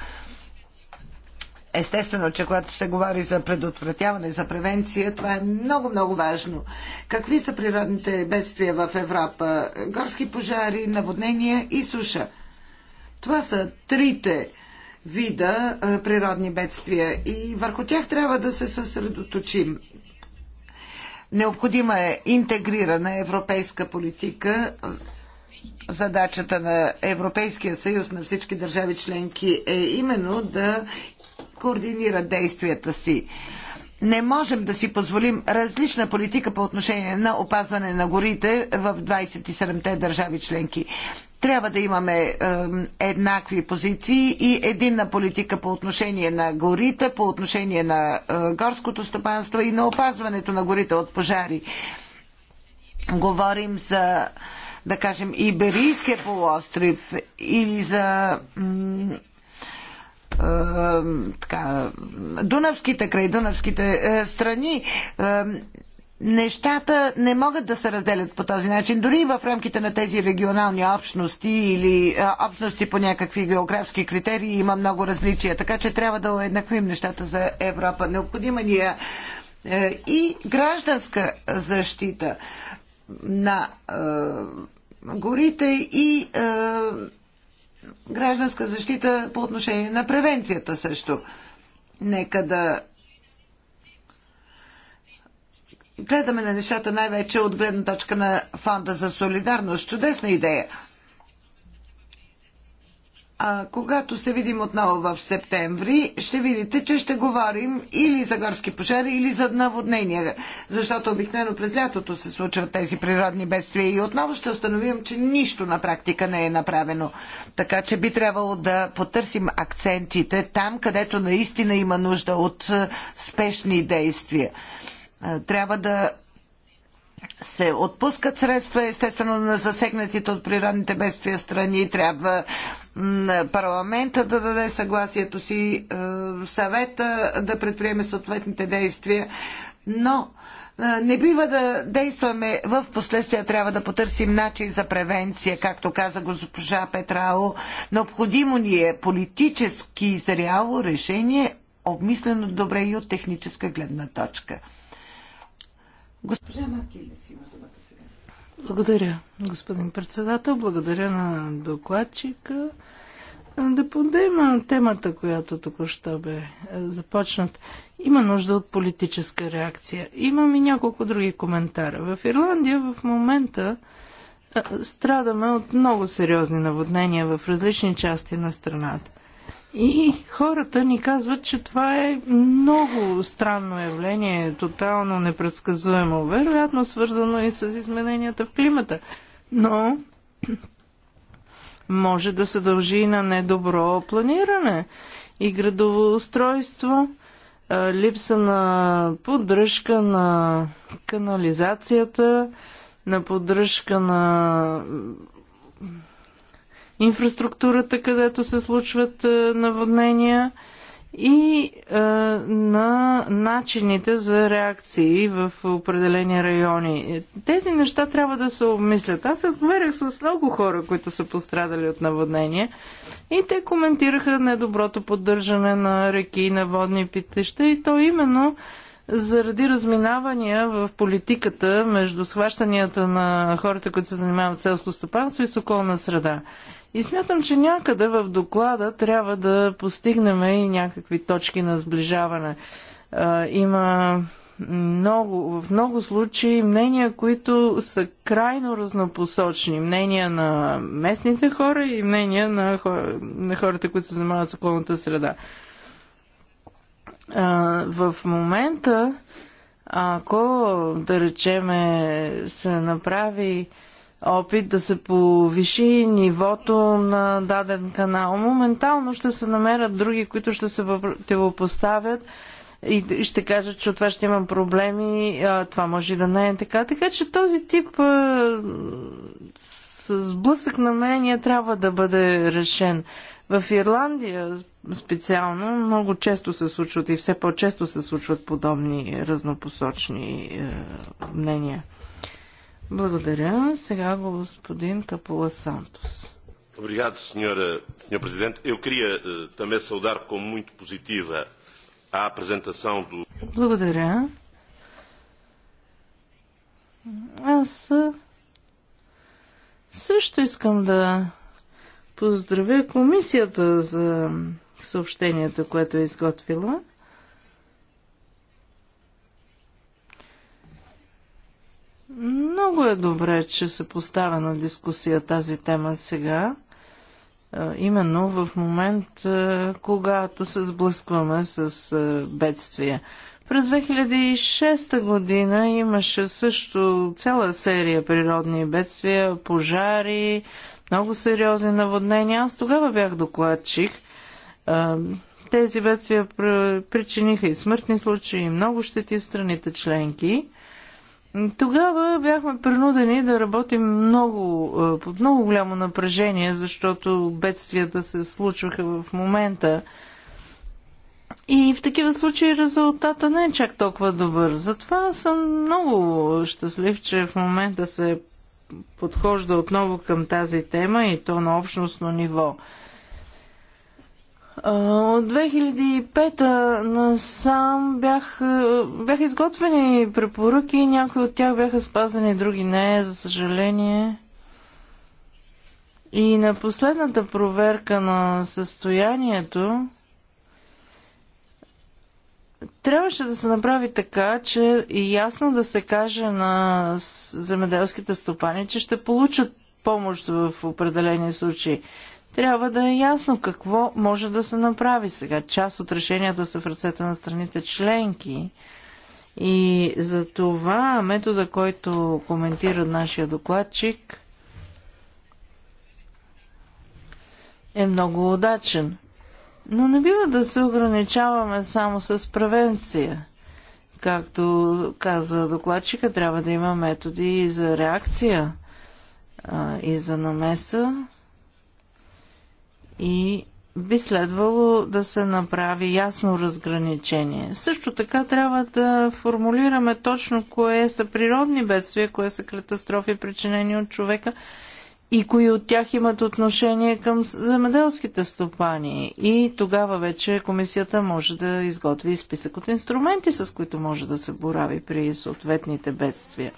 Естествено, че когато се говори за предотвратяване, за превенция, това е много, много важно. Какви са природните бедствия в Европа? Горски пожари, наводнения и суша. Това са трите вида природни бедствия и върху тях трябва да се съсредоточим. Необходима е интегрирана европейска политика. Задачата на Европейския съюз на всички държави членки е именно да координират действията си. Не можем да си позволим различна политика по отношение на опазване на горите в 27-те държави членки. Трябва да имаме е, еднакви позиции и единна политика по отношение на горите, по отношение на е, горското стопанство и на опазването на горите от пожари. Говорим за, да кажем, Иберийския полуостров или за е, така, Дунавските, край Дунавските е, страни е, нещата не могат да се разделят по този начин. Дори и в рамките на тези регионални общности или общности по някакви географски критерии има много различия. Така че трябва да уеднаквим нещата за Европа. Необходима ни е и гражданска защита на горите и гражданска защита по отношение на превенцията също. Нека да гледаме на нещата най-вече от гледна точка на фонда за солидарност. Чудесна идея. А, когато се видим отново в септември, ще видите, че ще говорим или за горски пожари, или за наводнения, защото обикновено през лятото се случват тези природни бедствия и отново ще установим, че нищо на практика не е направено. Така че би трябвало да потърсим акцентите там, където наистина има нужда от спешни действия. Трябва да се отпускат средства, естествено на засегнатите от природните бедствия страни. Трябва парламента да даде съгласието си, е, съвета да предприеме съответните действия. Но е, не бива да действаме в последствие, трябва да потърсим начин за превенция, както каза госпожа Петрао. Необходимо ни е политически зряло решение, обмислено добре и от техническа гледна точка. Госпожа Маркилес има думата сега. Благодаря, господин председател. Благодаря на докладчика. Да подем темата, която току-що бе е, започнат. Има нужда от политическа реакция. Имам и няколко други коментара. В Ирландия в момента е, страдаме от много сериозни наводнения в различни части на страната. И хората ни казват, че това е много странно явление, тотално непредсказуемо, вероятно свързано и с измененията в климата. Но може да се дължи на недобро планиране и градово устройство, липса на поддръжка на канализацията, на поддръжка на инфраструктурата, където се случват е, наводнения и е, на начините за реакции в определени райони. Тези неща трябва да се обмислят. Аз се отговарях с много хора, които са пострадали от наводнения, и те коментираха недоброто поддържане на реки, на водни питеща и то именно заради разминавания в политиката между схващанията на хората, които се занимават с селско стопанство и с околна среда. И смятам, че някъде в доклада трябва да постигнем и някакви точки на сближаване. Има много, в много случаи мнения, които са крайно разнопосочни. Мнения на местните хора и мнения на, хора, на хората, които се занимават с околната среда. А, в момента, ако, да речеме, се направи а, опит да се повиши нивото на даден канал. Моментално ще се намерят други, които ще се противопоставят и ще кажат, че от това ще имам проблеми, а, това може и да не е така. Така че този тип а, с блъсък на мнение трябва да бъде решен. В Ирландия специално много често се случват и все по-често се случват подобни разнопосочни е, мнения. Благодаря. Сега го господин Капула Сантос. Obrigado, senhora, senhor presidente. Eu queria uh, também saudar como muito positiva a apresentação do Благодаря. Аз също искам да поздравя комисията за съобщението, което е изготвила. Много е добре, че се поставя на дискусия тази тема сега, именно в момент, когато се сблъскваме с бедствия. През 2006 година имаше също цяла серия природни бедствия, пожари, много сериозни наводнения. Аз тогава бях докладчик. Тези бедствия причиниха и смъртни случаи, и много щети в страните членки. Тогава бяхме принудени да работим много, е, под много голямо напрежение, защото бедствията се случваха в момента. И в такива случаи резултата не е чак толкова добър. Затова съм много щастлив, че в момента се подхожда отново към тази тема и то на общностно ниво. От 2005 насам бях, бяха изготвени препоръки, някои от тях бяха спазени, други не, за съжаление. И на последната проверка на състоянието трябваше да се направи така, че и ясно да се каже на земеделските стопани, че ще получат помощ в определени случаи трябва да е ясно какво може да се направи сега. Част от решенията са в ръцете на страните членки. И за това метода, който коментира нашия докладчик, е много удачен. Но не бива да се ограничаваме само с превенция. Както каза докладчика, трябва да има методи и за реакция, и за намеса, и би следвало да се направи ясно разграничение. Също така трябва да формулираме точно кое са природни бедствия, кое са катастрофи, причинени от човека и кои от тях имат отношение към земеделските стопани. И тогава вече комисията може да изготви списък от инструменти, с които може да се борави при съответните бедствия.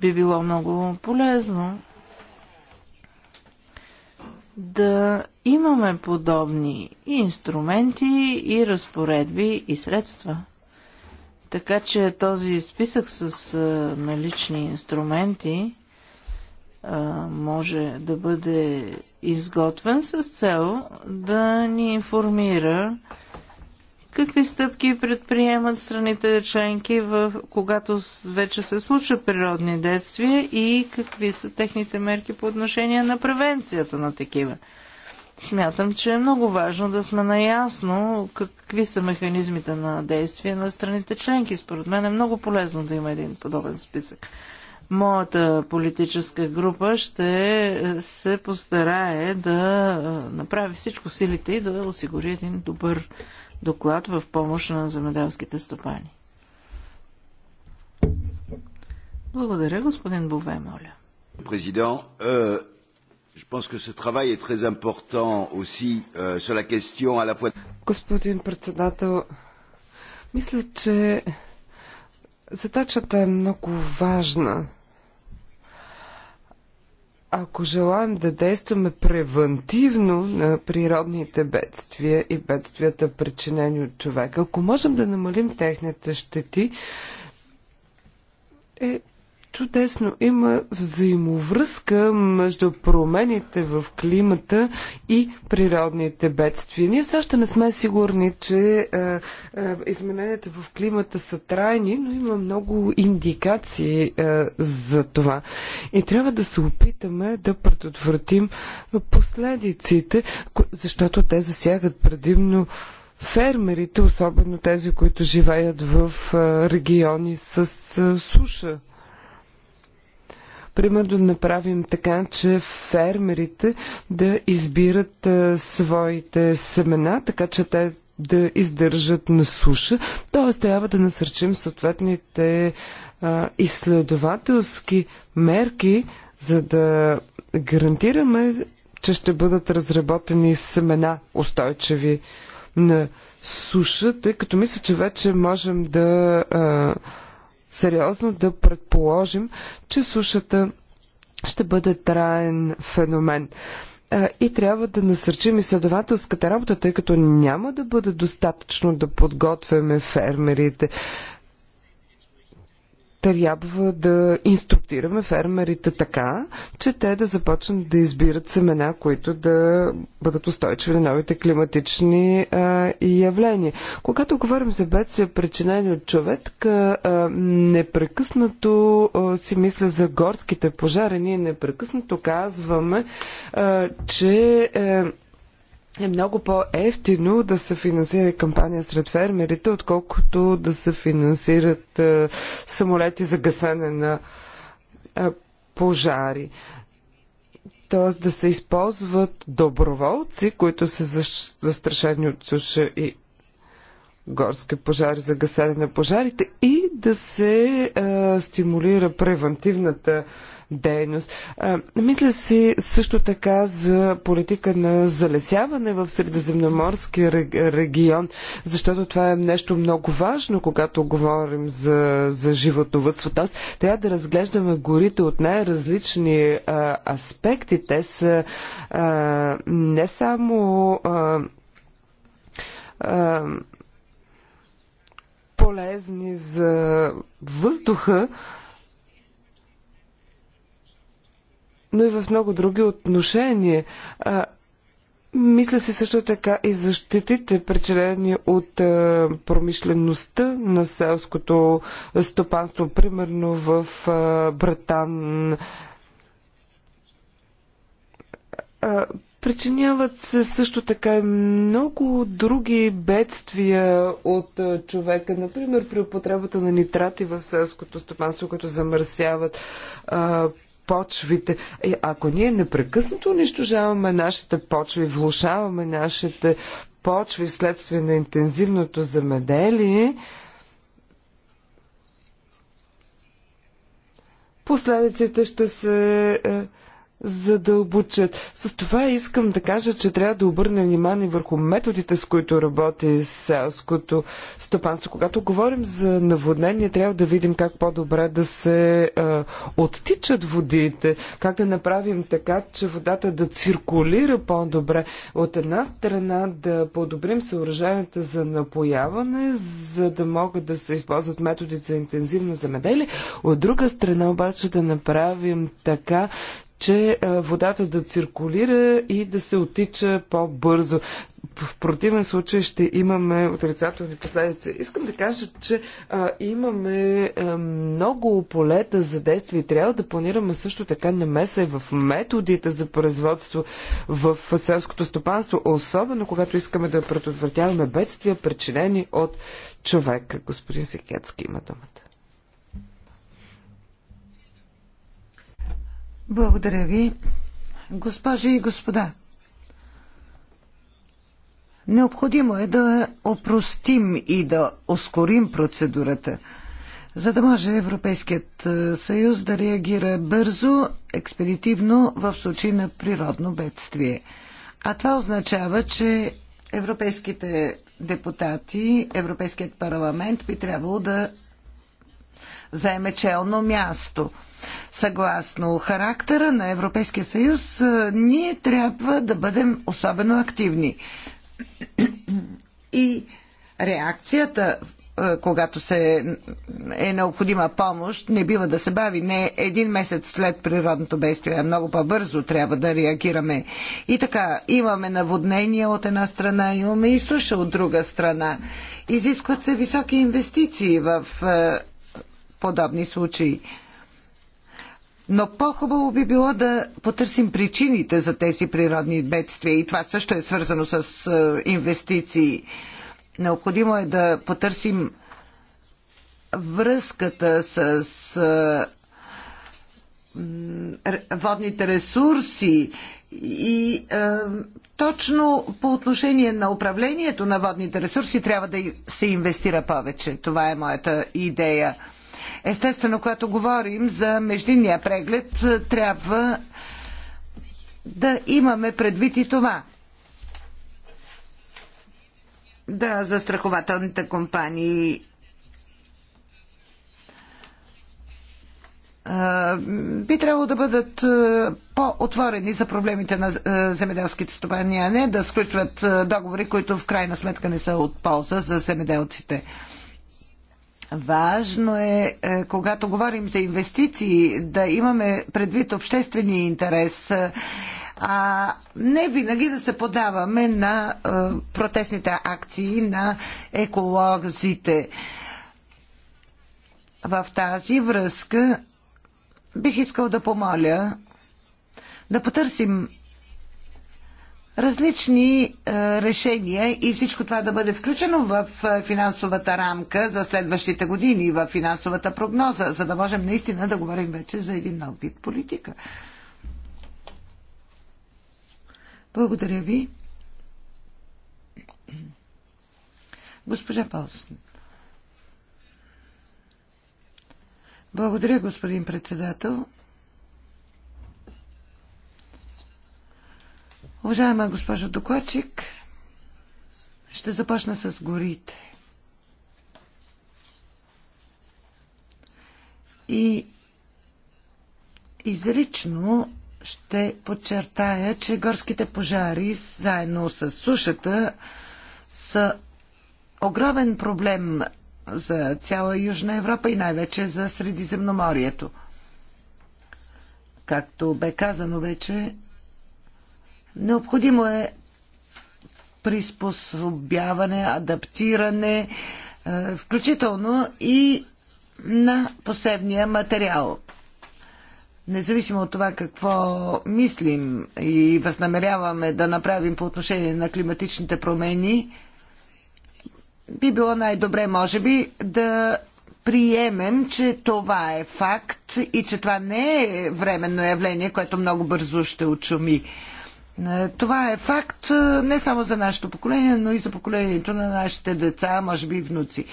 Би било много полезно да имаме подобни и инструменти, и разпоредби, и средства. Така че този списък с налични инструменти може да бъде изготвен с цел да ни информира Какви стъпки предприемат страните членки, в, когато вече се случат природни действия и какви са техните мерки по отношение на превенцията на такива? Смятам, че е много важно да сме наясно какви са механизмите на действие на страните членки. Според мен е много полезно да има един подобен списък. Моята политическа група ще се постарае да направи всичко силите и да осигури един добър доклад в помощ на земеделските стопани. Благодаря, господин Бове, моля. Президент, э, je pense que ce travail est très important aussi euh, sur la question à la fois... Господин председател, мисля, че задачата е много важна ако желаем да действаме превентивно на природните бедствия и бедствията, причинени от човека, ако можем да намалим техните щети, е Чудесно. Има взаимовръзка между промените в климата и природните бедствия. Ние все още не сме сигурни, че е, е, измененията в климата са трайни, но има много индикации е, за това. И трябва да се опитаме да предотвратим последиците, защото те засягат предимно фермерите, особено тези, които живеят в е, региони с е, суша. Примерно да направим така, че фермерите да избират а, своите семена, така че те да издържат на суша. Т.е. трябва да насърчим съответните а, изследователски мерки, за да гарантираме, че ще бъдат разработени семена устойчиви на суша, тъй като мисля, че вече можем да а, сериозно да предположим, че сушата ще бъде траен феномен. И трябва да насърчим изследователската работа, тъй като няма да бъде достатъчно да подготвяме фермерите трябва да инструктираме фермерите така, че те да започнат да избират семена, които да бъдат устойчиви на новите климатични а, явления. Когато говорим за бедствия, причинени от човек, а, непрекъснато а, си мисля за горските пожари. Ние непрекъснато казваме, а, че. А, е, е много по-ефтино да се финансира кампания сред фермерите, отколкото да се финансират е, самолети за гасане на е, пожари. Тоест да се използват доброволци, които са застрашени от суша и горски пожари за гасане на пожарите и да се е, стимулира превентивната дейност. Мисля си също така за политика на залесяване в Средиземноморския регион, защото това е нещо много важно, когато говорим за, за животновътство. Тоест, трябва да разглеждаме горите от най-различни аспекти. Те са а, не само а, а, полезни за въздуха, но и в много други отношения. А, мисля си също така и защитите, причинени от а, промишлеността на селското стопанство, примерно в а, Братан. А, Причиняват се също така и много други бедствия от човека. Например, при употребата на нитрати в селското стопанство, които замърсяват а, почвите. И е, ако ние непрекъснато унищожаваме нашите почви, влушаваме нашите почви вследствие на интензивното замеделие, последиците ще се е, задълбочат. С това искам да кажа, че трябва да обърнем внимание върху методите, с които работи селското стопанство. Когато говорим за наводнение, трябва да видим как по-добре да се а, оттичат водите, как да направим така, че водата да циркулира по-добре. От една страна да подобрим съоръженията за напояване, за да могат да се използват методите за интензивно земеделие. От друга страна обаче да направим така, че е, водата да циркулира и да се отича по-бързо. В противен случай ще имаме отрицателни последици. Искам да кажа, че а, имаме а, е, много полета за действие и трябва да планираме също така намеса и в методите за производство в селското стопанство, особено когато искаме да предотвратяваме бедствия, причинени от човека. Господин Секецки има думата. Благодаря ви. Госпожи и господа, необходимо е да опростим и да ускорим процедурата, за да може Европейският е, съюз да реагира бързо, експедитивно в случай на природно бедствие. А това означава, че европейските депутати, Европейският парламент би трябвало да заеме челно място. Съгласно характера на Европейския съюз, ние трябва да бъдем особено активни. И реакцията, когато се е необходима помощ, не бива да се бави. Не един месец след природното бедствие, а много по-бързо трябва да реагираме. И така, имаме наводнения от една страна, имаме и суша от друга страна. Изискват се високи инвестиции в подобни случаи. Но по-хубаво би било да потърсим причините за тези природни бедствия и това също е свързано с е, инвестиции. Необходимо е да потърсим връзката с е, водните ресурси и е, точно по отношение на управлението на водните ресурси трябва да се инвестира повече. Това е моята идея. Естествено, когато говорим за междинния преглед, е, трябва да имаме предвид и това. Да, застрахователните компании е, би трябвало да бъдат е, по-отворени за проблемите на земеделските стопани, а не да сключват договори, които в крайна сметка не са от полза за земеделците. Важно е, е, когато говорим за инвестиции, да имаме предвид обществения интерес, е, а не винаги да се подаваме на е, протестните акции на еколозите. В тази връзка бих искал да помоля да потърсим различни е, решения и всичко това да бъде включено в е, финансовата рамка за следващите години, в финансовата прогноза, за да можем наистина да говорим вече за един нов вид политика. Благодаря ви. Госпожа Палсен. Благодаря, господин председател. Уважаема госпожо докладчик, ще започна с горите. И изрично ще подчертая, че горските пожари, заедно с сушата, са огромен проблем за цяла Южна Европа и най-вече за Средиземноморието. Както бе казано вече, Необходимо е приспособяване, адаптиране, е, включително и на посебния материал. Независимо от това какво мислим и възнамеряваме да направим по отношение на климатичните промени, би било най-добре, може би, да приемем, че това е факт и че това не е временно явление, което много бързо ще очуми. Е, това е факт е, не само за нашето поколение, но и за поколението на нашите деца, може би и внуци.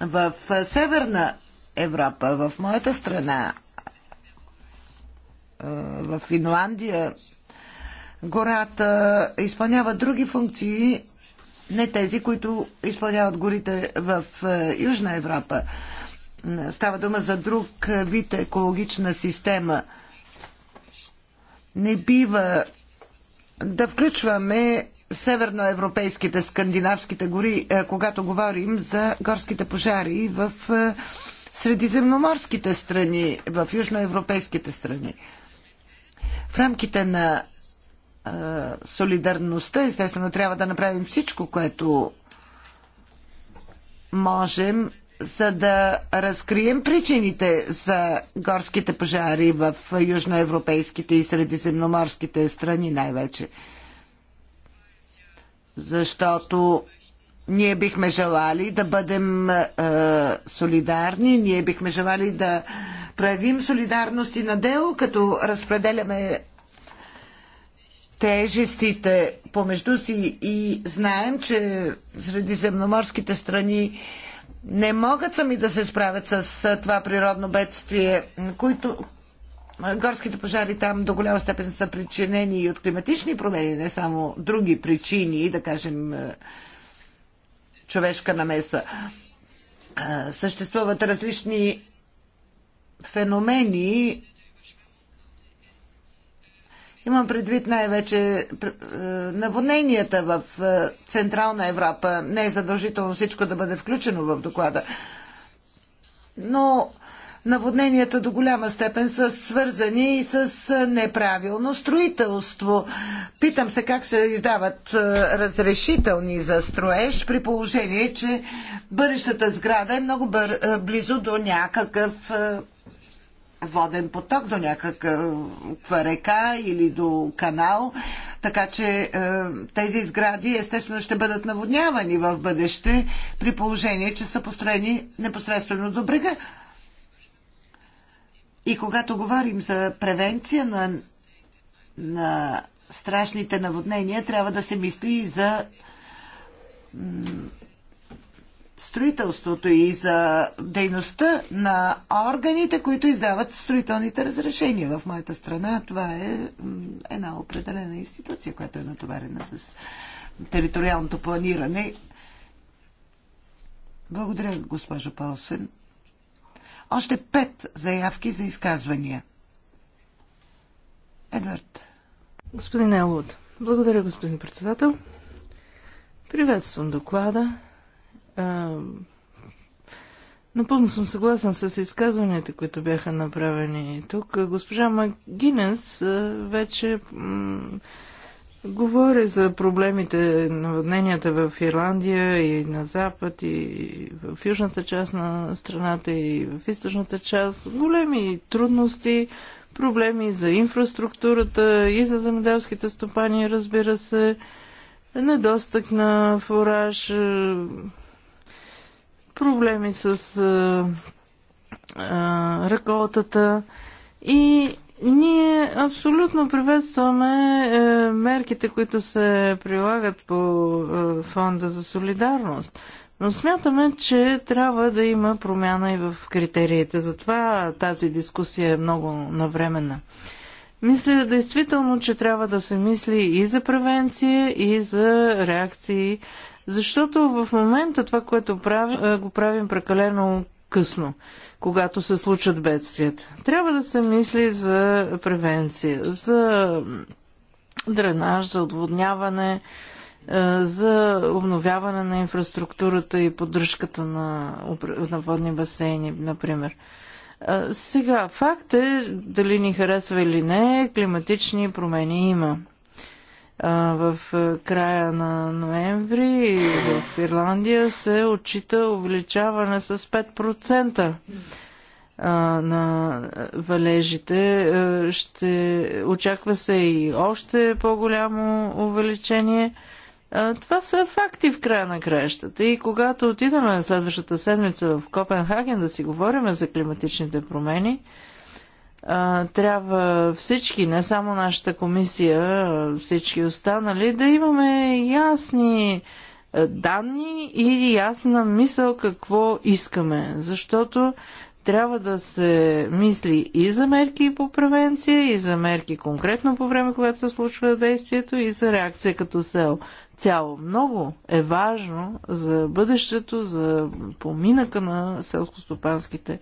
В е, Северна Европа, в моята страна, в Финландия, гората изпълнява други функции, не тези, които изпълняват горите в Южна Европа. Става дума за друг вид екологична система. Не бива да включваме северноевропейските, скандинавските гори, е, когато говорим за горските пожари в е, средиземноморските страни, в южноевропейските страни. В рамките на е, солидарността, естествено, трябва да направим всичко, което можем за да разкрием причините за горските пожари в южноевропейските и средиземноморските страни най-вече. Защото ние бихме желали да бъдем е, солидарни, ние бихме желали да проявим солидарност и на дело, като разпределяме тежестите помежду си и знаем, че средиземноморските страни не могат сами да се справят с това природно бедствие, които горските пожари там до голяма степен са причинени и от климатични промени, не само други причини, да кажем човешка намеса. Съществуват различни феномени, Имам предвид най-вече е, наводненията в е, Централна Европа. Не е задължително всичко да бъде включено в доклада. Но наводненията до голяма степен са свързани и с е, неправилно строителство. Питам се как се издават разрешителни за строеж при положение, че бъдещата сграда е много близо до някакъв воден поток, до някаква е, река или до канал, така че е, тези сгради естествено ще бъдат наводнявани в бъдеще при положение, че са построени непосредствено до брега. И когато говорим за превенция на, на страшните наводнения, трябва да се мисли и за строителството и за дейността на органите, които издават строителните разрешения. В моята страна това е една определена институция, която е натоварена с териториалното планиране. Благодаря, госпожо Палсен. Още пет заявки за изказвания. Едвард. Господин Елуд. Благодаря, господин председател. Приветствам доклада напълно съм съгласен с изказванията, които бяха направени тук. Госпожа Магинес вече говори за проблемите, наводненията в Ирландия и на запад, и в южната част на страната, и в източната част. Големи трудности, проблеми за инфраструктурата и за земеделските стопани, разбира се, недостъг на фураж, проблеми с а, а, реколтата и ние абсолютно приветстваме а, е, мерките, които се прилагат по а, е, фонда за солидарност. Но смятаме, че трябва да има промяна и в критериите. Затова тази дискусия е много навременна. Мисля действително, че трябва да се мисли и за превенция, и за реакции защото в момента това, което правим, го правим прекалено късно, когато се случат бедствията. Трябва да се мисли за превенция, за дренаж, за отводняване, за обновяване на инфраструктурата и поддръжката на, на водни басейни, например. Сега, факт е, дали ни харесва или не, климатични промени има в края на ноември в Ирландия се отчита увеличаване с 5% на валежите. Ще очаква се и още по-голямо увеличение. Това са факти в края на краищата. И когато отидем на следващата седмица в Копенхаген да си говорим за климатичните промени, трябва всички, не само нашата комисия, всички останали, да имаме ясни данни и ясна мисъл какво искаме. Защото трябва да се мисли и за мерки по превенция, и за мерки конкретно по време, когато се случва действието, и за реакция като сел. Цяло много е важно за бъдещето, за поминъка на селскостопанските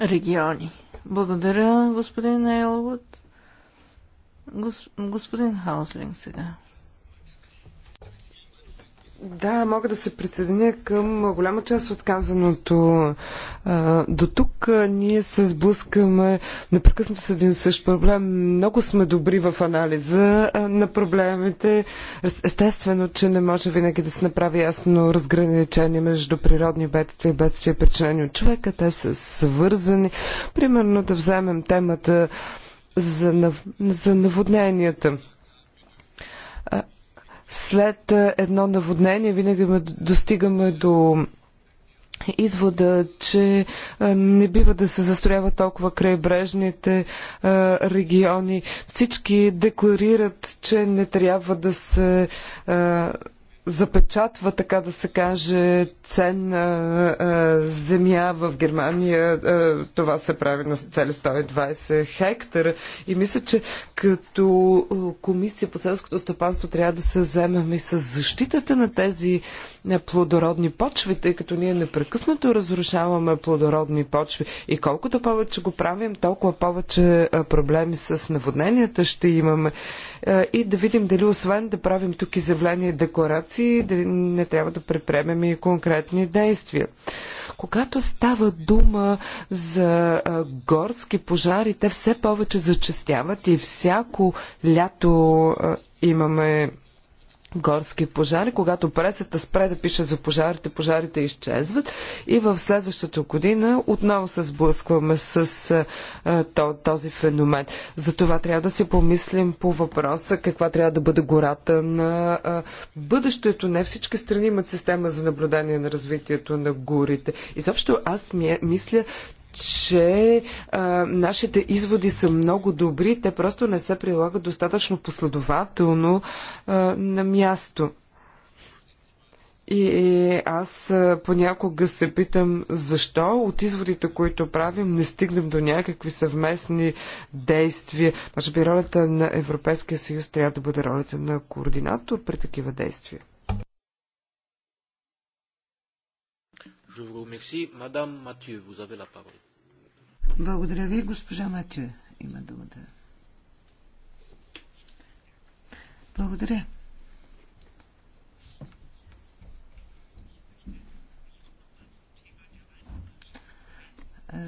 региони. Благодаря, господин Елвуд. Гос... Господин Хауслинг сега. Да, мога да се присъединя към голяма част от казаното. До тук ние се сблъскаме непрекъснато с един същ проблем. Много сме добри в анализа на проблемите. Естествено, че не може винаги да се направи ясно разграничение между природни бедствия и бедствия, причинени от човека. Те са свързани. Примерно да вземем темата за, нав... за наводненията след е, едно наводнение винаги достигаме до извода, че е, не бива да се застрояват толкова крайбрежните е, региони. Всички декларират, че не трябва да се запечатва, така да се каже, ценна земя в Германия. това се прави на цели 120 хектара. И мисля, че като комисия по селското стопанство трябва да се вземем и с защитата на тези плодородни почви, тъй като ние непрекъснато разрушаваме плодородни почви. И колкото повече го правим, толкова повече проблеми с наводненията ще имаме. Е, и да видим дали освен да правим тук изявления и декларации, дали не трябва да препремем и конкретни действия. Когато става дума за е, горски пожари, те все повече зачастяват и всяко лято е, имаме горски пожари, когато пресата спре да пише за пожарите, пожарите изчезват и в следващата година отново се сблъскваме с а, този феномен. За това трябва да си помислим по въпроса каква трябва да бъде гората на а, бъдещето. Не всички страни имат система за наблюдение на развитието на горите. Изобщо аз мисля, че а, нашите изводи са много добри, те просто не се прилагат достатъчно последователно а, на място. И аз понякога се питам защо от изводите, които правим, не стигнем до някакви съвместни действия. Може би ролята на Европейския съюз трябва да бъде ролята на координатор при такива действия. Je vous remercie. Madame vous avez la parole. Благодаря ви, госпожа Матю. Има думата. Благодаря.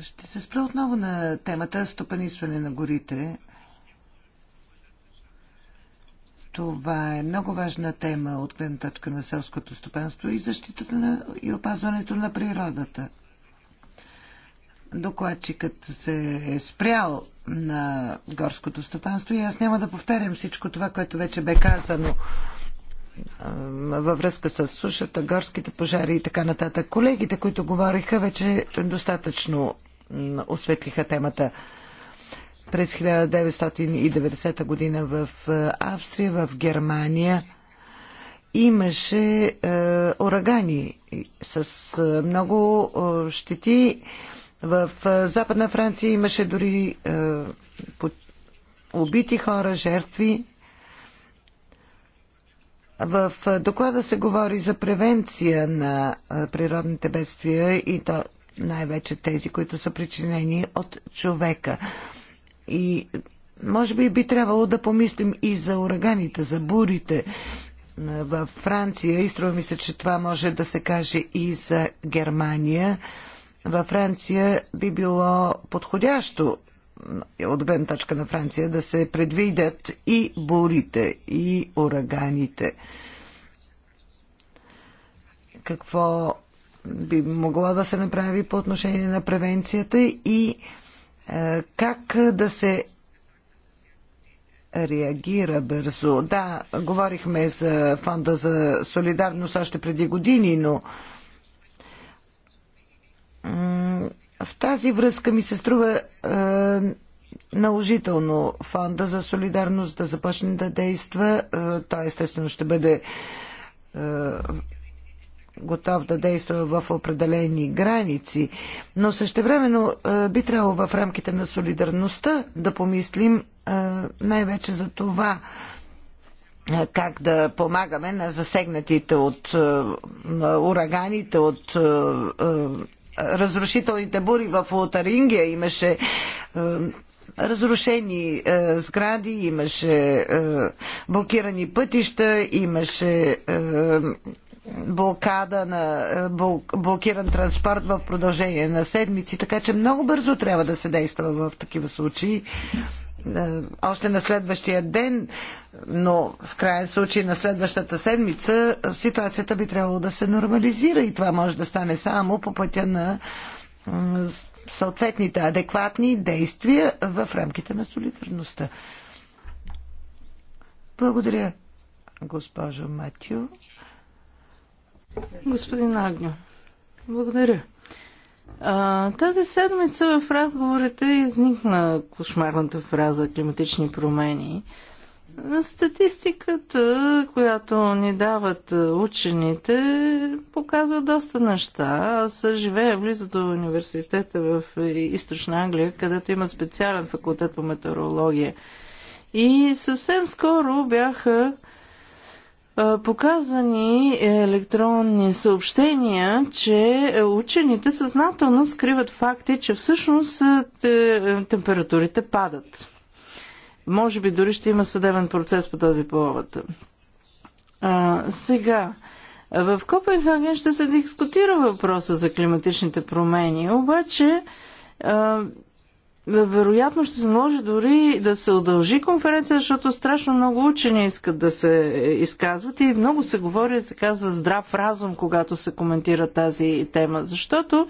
Ще се спра отново на темата стопанисване на горите. Това е много важна тема от гледна точка на селското стопанство и защитата на, и опазването на природата. Докладчикът се е спрял на горското стопанство и аз няма да повтарям всичко това, което вече бе казано във връзка с сушата, горските пожари и така нататък. Колегите, които говориха, вече достатъчно осветлиха темата през 1990 година в е, Австрия, в Германия имаше е, урагани с е, много е, щети. В е, Западна Франция имаше дори е, по, убити хора, жертви. В е, доклада се говори за превенция на е, природните бедствия и то най-вече тези, които са причинени от човека. И може би би трябвало да помислим и за ураганите, за бурите във Франция. И струва ми се, че това може да се каже и за Германия. Във Франция би било подходящо от гледна точка на Франция да се предвидят и бурите, и ураганите. Какво би могло да се направи по отношение на превенцията и е, как е, да се реагира бързо? Да, говорихме за фонда за солидарност още преди години, но в тази връзка ми се струва е, наложително фонда за солидарност да започне да действа. Той естествено ще бъде готов да действа в определени граници, но същевременно би трябвало в рамките на солидарността да помислим най-вече за това, как да помагаме на засегнатите от ураганите, от разрушителните бури в Лотарингия. Имаше разрушени сгради, имаше блокирани пътища, имаше блокада на е, блокиран транспорт в продължение на седмици, така че много бързо трябва да се действа в такива случаи. Е, още на следващия ден, но в крайен случай на следващата седмица ситуацията би трябвало да се нормализира и това може да стане само по пътя на съответните адекватни действия в рамките на солидарността. Благодаря, госпожо Матио. Господин Агньо, благодаря. А, тази седмица в разговорите изникна кошмарната фраза климатични промени. Статистиката, която ни дават учените, показва доста неща. Аз живея близо до университета в Източна Англия, където има специален факултет по метеорология. И съвсем скоро бяха показани електронни съобщения, че учените съзнателно скриват факти, че всъщност температурите падат. Може би дори ще има съдебен процес по този повод. А, сега, в Копенхаген ще се дискутира въпроса за климатичните промени, обаче е, вероятно ще се наложи дори да се удължи конференция, защото страшно много учени искат да се изказват и много се говори така за здрав разум, когато се коментира тази тема. Защото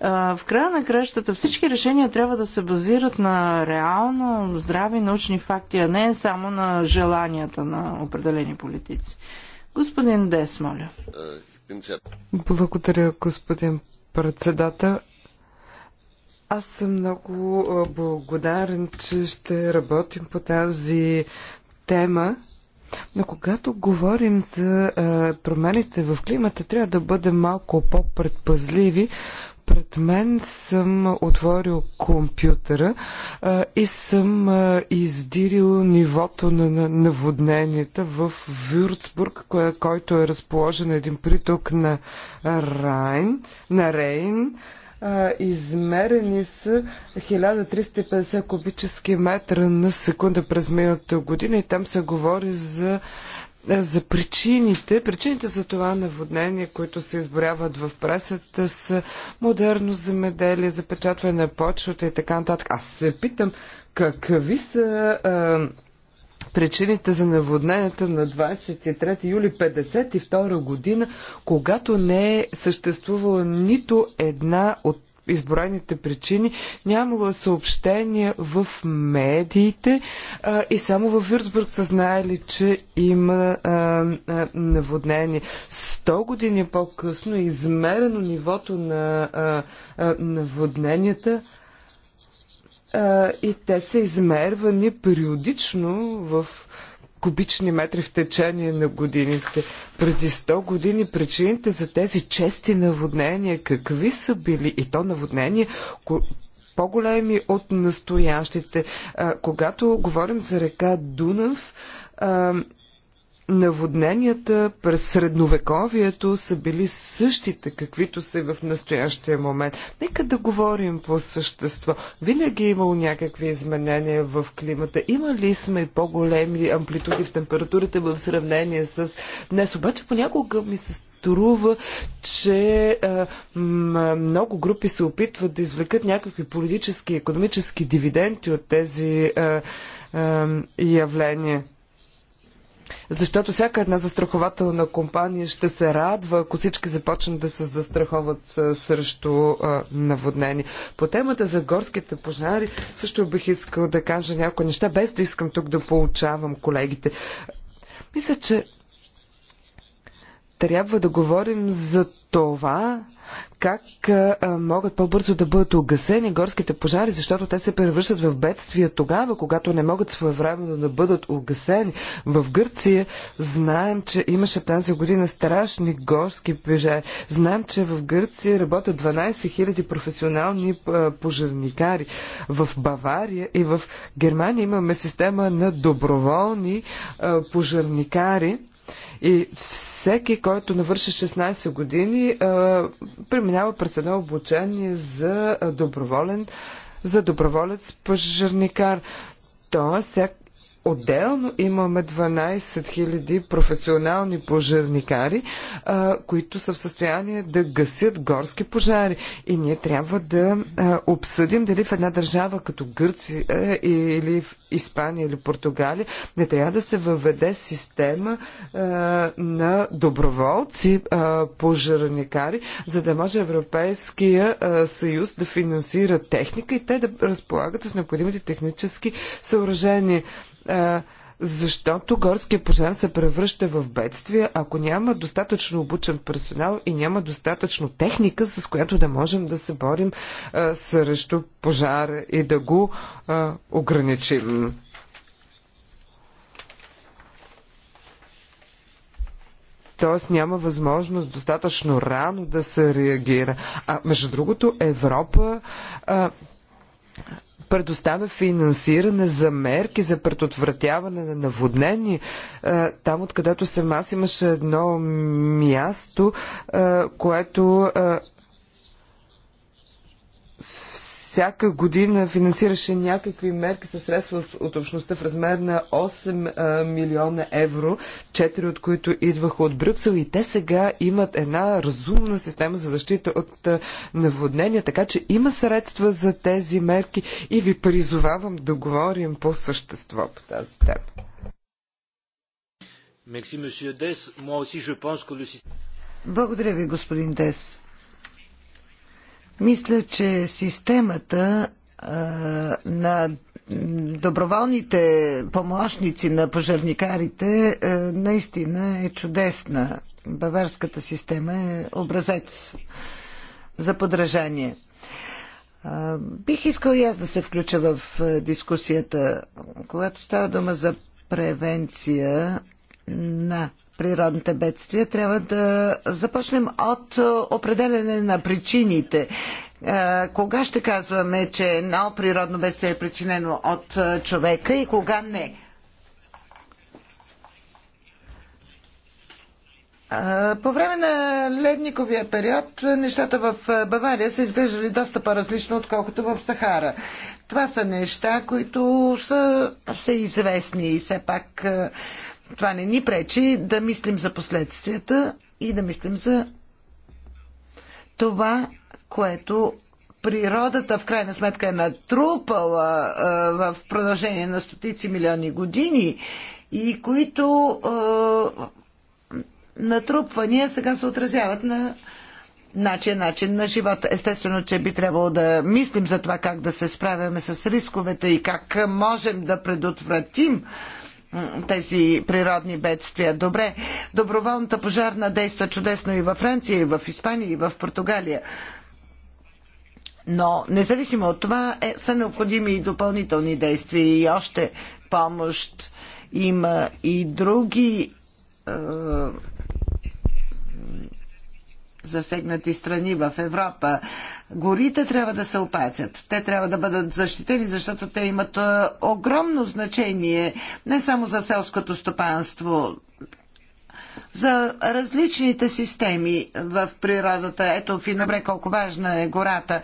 в края на кращата всички решения трябва да се базират на реално здрави научни факти, а не само на желанията на определени политици. Господин Дес, моля. Благодаря, господин председател. Аз съм много благодарен, че ще работим по тази тема. Но когато говорим за промените в климата, трябва да бъдем малко по-предпазливи, пред мен съм отворил компютъра а, и съм а, издирил нивото на, на наводненията в Вюрцбург, кое, който е разположен един приток на Райн, на Рейн измерени са 1350 кубически метра на секунда през миналата година и там се говори за е, за причините. Причините за това наводнение, които се изборяват в пресата, са модерно земеделие, запечатване на почвата и така нататък. Аз се питам, какви са а, е, причините за наводненията на 23 юли 1952 година, когато не е съществувала нито една от изброените причини, нямало е съобщения в медиите а, и само във Вирсбург са знаели, че има а, а, наводнение. Сто години по-късно е измерено нивото на а, а, наводненията и те са измервани периодично в кубични метри в течение на годините. Преди 100 години причините за тези чести наводнения какви са били? И то наводнения, по-големи от настоящите. А, когато говорим за река Дунав, а, наводненията през средновековието са били същите, каквито са в настоящия момент. Нека да говорим по същество. Винаги е имало някакви изменения в климата. Имали сме по-големи амплитуди в температурите в сравнение с днес. Обаче понякога ми се струва, че а, много групи се опитват да извлекат някакви политически и економически дивиденти от тези а, а, явления. Защото всяка една застрахователна компания ще се радва, ако всички започнат да се застраховат срещу наводнени. По темата за горските пожари също бих искал да кажа някои неща, без да искам тук да получавам колегите. Мисля, че трябва да говорим за това, как могат по-бързо да бъдат огасени горските пожари, защото те се превръщат в бедствия тогава, когато не могат своевременно да бъдат огасени. В Гърция знаем, че имаше тази година страшни горски пожари. Знаем, че в Гърция работят 12 000 професионални пожарникари. В Бавария и в Германия имаме система на доброволни пожарникари и всеки, който навърши 16 години, е, преминава през едно обучение за е, доброволен за доброволец пожарникар. Тоест, Отделно имаме 12 000 професионални пожарникари, а, които са в състояние да гасят горски пожари. И ние трябва да а, обсъдим дали в една държава като Гърция или в Испания или Португалия не трябва да се въведе система а, на доброволци а, пожарникари, за да може Европейския а, съюз да финансира техника и те да разполагат с необходимите технически съоръжения защото горския пожар се превръща в бедствие, ако няма достатъчно обучен персонал и няма достатъчно техника, с която да можем да се борим а, срещу пожара и да го а, ограничим. т.е. няма възможност достатъчно рано да се реагира. А между другото, Европа а, предоставя финансиране за мерки за предотвратяване на наводнени. Е, там, откъдето съм аз, имаше едно място, е, което е, всяка година финансираше някакви мерки със средства от, от общността в размер на 8 а, милиона евро, 4 от които идваха от Брюксел и те сега имат една разумна система за защита от а, наводнения, така че има средства за тези мерки и ви призовавам да говорим по същество по тази тема. Благодаря ви, господин Дес. Мисля, че системата на доброволните помощници на пожарникарите наистина е чудесна. Баварската система е образец за подражание. Бих искал и аз да се включа в дискусията, когато става дума за превенция на природните бедствия, трябва да започнем от е, определене на причините. Е, кога ще казваме, че едно природно бедствие е причинено от е, човека и кога не? По време на ледниковия период нещата в Бавария са изглеждали доста по-различно, отколкото в Сахара. Това са неща, които са всеизвестни и все пак това не ни пречи да мислим за последствията и да мислим за това, което природата в крайна сметка е натрупала а, в продължение на стотици милиони години и които а, натрупвания сега се отразяват на начин, начин на живота. Естествено, че би трябвало да мислим за това как да се справяме с рисковете и как можем да предотвратим а, тези природни бедствия. Добре, доброволната пожарна действа чудесно и във Франция, и в Испания, и в Португалия. Но независимо от това е, са необходими и допълнителни действия и още помощ. Има и други е, засегнати страни в Европа. Горите трябва да се опасят. Те трябва да бъдат защитени, защото те имат е, огромно значение не само за селското стопанство, за различните системи в природата. Ето, Финобре, колко важна е гората. Е,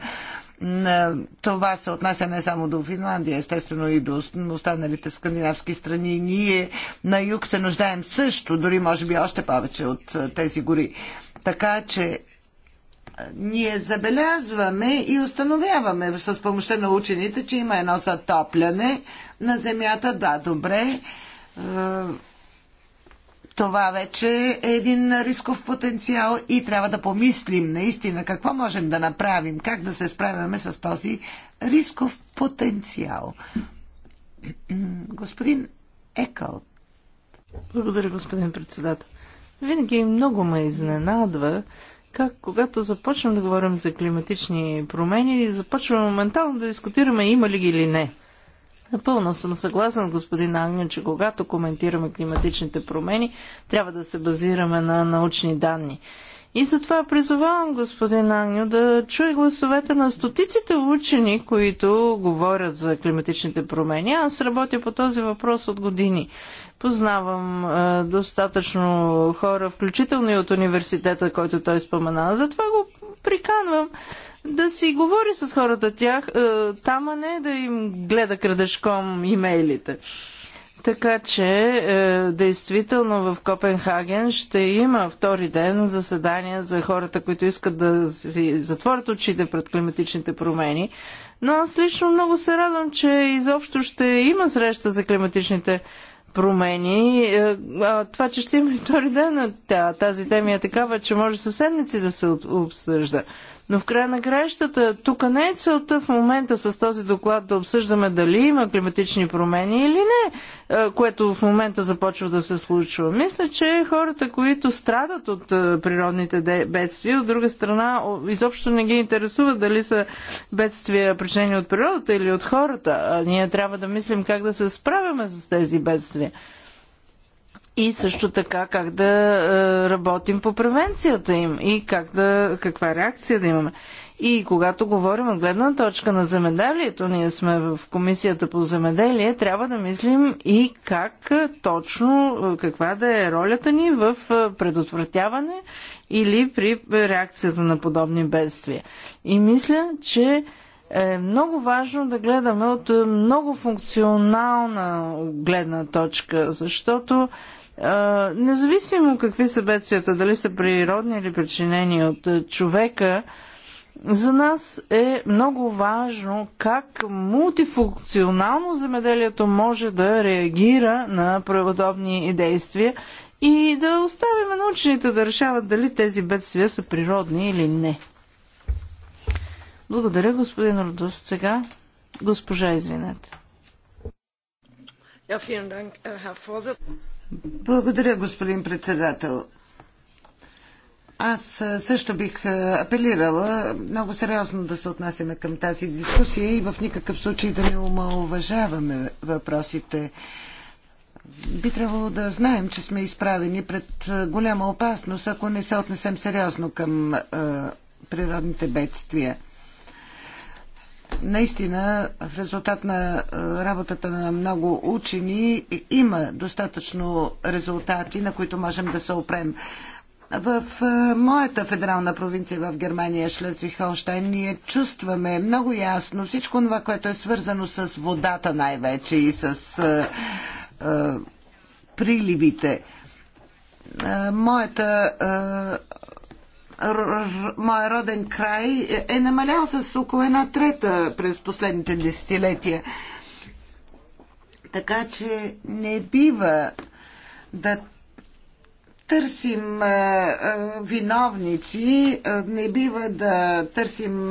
това се отнася не само до Финландия, естествено и до останалите скандинавски страни. Ние на юг се нуждаем също, дори може би още повече от е, тези гори. Така че е, ние забелязваме и установяваме с помощта на учените, че има едно затопляне на Земята. Да, добре. Е, това вече е един рисков потенциал и трябва да помислим наистина какво можем да направим, как да се справяме с този рисков потенциал. Господин Екъл. Благодаря, господин председател. Винаги много ме изненадва как когато започнем да говорим за климатични промени, започваме моментално да дискутираме има ли ги или не. Напълно съм съгласен, господин Агнен, че когато коментираме климатичните промени, трябва да се базираме на научни данни. И затова призовавам господин Аню да чуе гласовете на стотиците учени, които говорят за климатичните промени. Аз работя по този въпрос от години. Познавам е, достатъчно хора, включително и от университета, който той спомена. Затова го приканвам да си говори с хората тях, е, там, а не да им гледа крадешком имейлите. Така че, е, действително в Копенхаген ще има втори ден заседания за хората, които искат да си затворят очите пред климатичните промени. Но аз лично много се радвам, че изобщо ще има среща за климатичните промени. Е, а това, че ще има и втори ден, е, тази тема е такава, че може със седмици да се обсъжда. Но в края на краищата, тук не е целта в момента с този доклад да обсъждаме дали има климатични промени или не, е, което в момента започва да се случва. Мисля, че хората, които страдат от е, природните бедствия, от друга страна, изобщо не ги интересува дали са бедствия причинени от природата или от хората. Ние трябва да мислим как да се справяме с тези бедствия и също така как да е, работим по превенцията им и как да, каква реакция да имаме. И когато говорим от гледна точка на земеделието, ние сме в Комисията по земеделие, трябва да мислим и как е, точно, е, каква да е ролята ни в предотвратяване или при реакцията на подобни бедствия. И мисля, че е много важно да гледаме от много функционална гледна точка, защото независимо какви са бедствията, дали са природни или причинени от човека, за нас е много важно как мултифункционално земеделието може да реагира на праводобни действия и да оставим научените да решават дали тези бедствия са природни или не. Благодаря, господин Родос. Сега госпожа, извинете. Благодаря, господин председател. Аз също бих апелирала много сериозно да се отнасяме към тази дискусия и в никакъв случай да не омалуважаваме въпросите. Би трябвало да знаем, че сме изправени пред голяма опасност, ако не се отнесем сериозно към е, природните бедствия. Наистина, в резултат на работата на много учени има достатъчно резултати, на които можем да се опрем. В моята федерална провинция в Германия, Шлезвих-Холштайн, ние чувстваме много ясно всичко това, което е свързано с водата най-вече и с приливите. моята моя роден край е намалял с около една трета през последните десетилетия. Така че не бива да търсим виновници, не бива да търсим,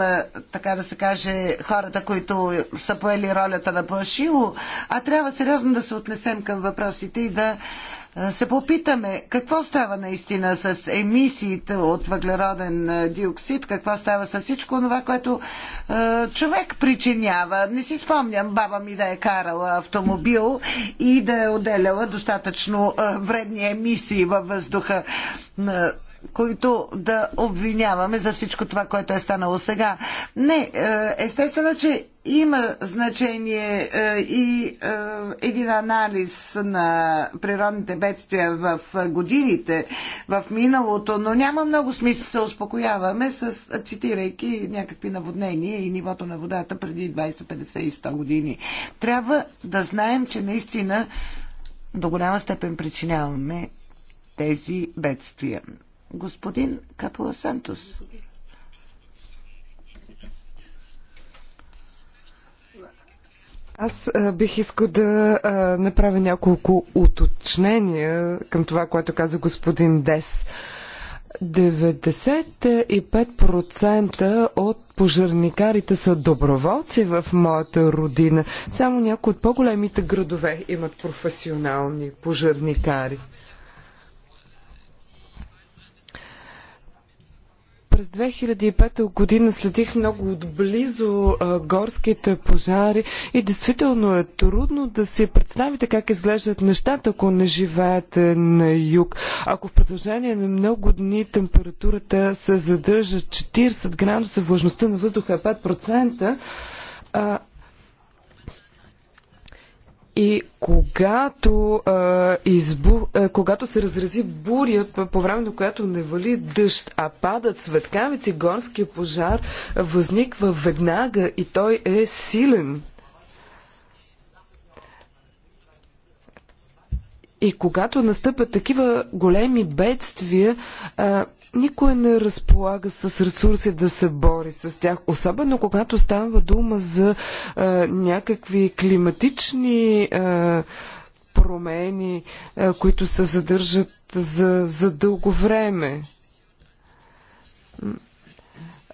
така да се каже, хората, които са поели ролята на плашило, а трябва сериозно да се отнесем към въпросите и да се попитаме какво става наистина с емисиите от въглероден диоксид, какво става с всичко това, което е, човек причинява. Не си спомням баба ми да е карала автомобил и да е отделяла достатъчно е, вредни емисии във въздуха които да обвиняваме за всичко това, което е станало сега. Не, е, естествено, че има значение е, и е, един анализ на природните бедствия в годините, в миналото, но няма много смисъл да се успокояваме с цитирайки някакви наводнения и нивото на водата преди 20, 50 и 100 години. Трябва да знаем, че наистина до голяма степен причиняваме тези бедствия. Господин Капула Сантус. Аз а, бих искал да а, направя няколко уточнения към това, което каза господин Дес. 95% от пожарникарите са доброволци в моята родина. Само някои от по-големите градове имат професионални пожарникари. През 2005 година следих много отблизо а, горските пожари и действително е трудно да си представите как изглеждат нещата, ако не живеете на юг. Ако в продължение на много дни температурата се задържа 40 градуса, влажността на въздуха е 5%, а, и когато, а, избу, а, когато се разрази буря, по време на която не вали дъжд, а падат светкавици, горския пожар възниква веднага и той е силен. И когато настъпят такива големи бедствия, а, никой не разполага с ресурси да се бори с тях, особено когато става дума за а, някакви климатични а, промени, а, които се задържат за, за дълго време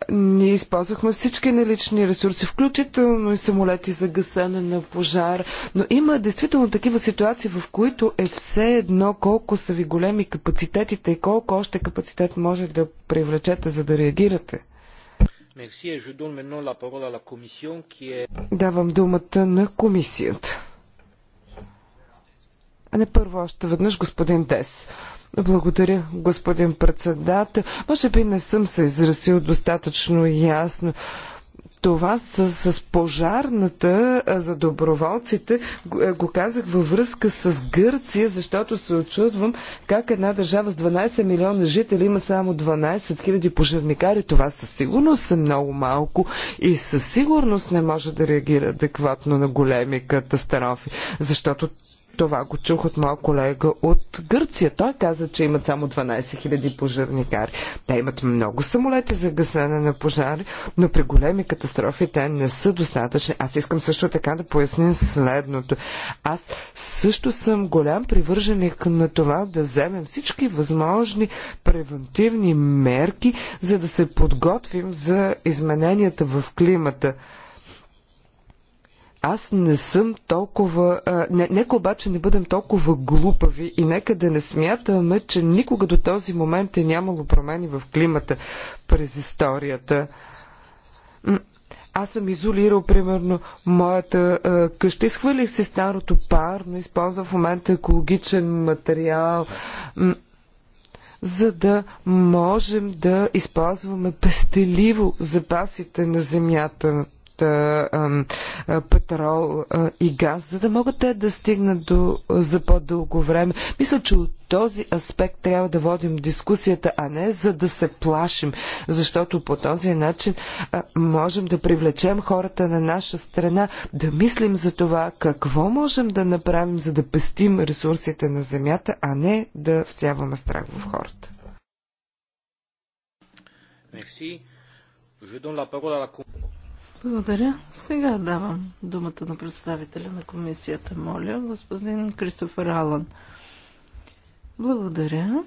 ние използвахме всички налични ресурси, включително и самолети за гасане на пожар. Но има действително такива ситуации, в които е все едно колко са ви големи капацитетите и колко още капацитет може да привлечете, за да реагирате. Давам думата на комисията. А не първо още веднъж господин Дес. Благодаря, господин председател. Може би не съм се изразил достатъчно ясно. Това с, с пожарната за доброволците го казах във връзка с Гърция, защото се очудвам как една държава с 12 милиона жители има само 12 хиляди пожарникари. Това със сигурност е много малко и със сигурност не може да реагира адекватно на големи катастрофи, защото това го чух от моя колега от Гърция. Той каза, че имат само 12 000 пожарникари. Те имат много самолети за гасене на пожари, но при големи катастрофи те не са достатъчни. Аз искам също така да поясня следното. Аз също съм голям привърженик на това да вземем всички възможни превентивни мерки, за да се подготвим за измененията в климата. Аз не съм толкова. А, не, нека обаче не бъдем толкова глупави и нека да не смятаме, че никога до този момент е нямало промени в климата през историята. Аз съм изолирал, примерно, моята а, къща. Изхвърлих се старото парно, използвам в момента екологичен материал, за да можем да използваме пестеливо запасите на земята петрол и газ, за да могат те да стигнат до, за по-дълго време. Мисля, че от този аспект трябва да водим дискусията, а не за да се плашим, защото по този начин можем да привлечем хората на наша страна, да мислим за това какво можем да направим, за да пестим ресурсите на земята, а не да всяваме страх в хората. Благодаря. Сега давам думата на представителя на комисията, моля, господин Кристофер Алан. Благодаря.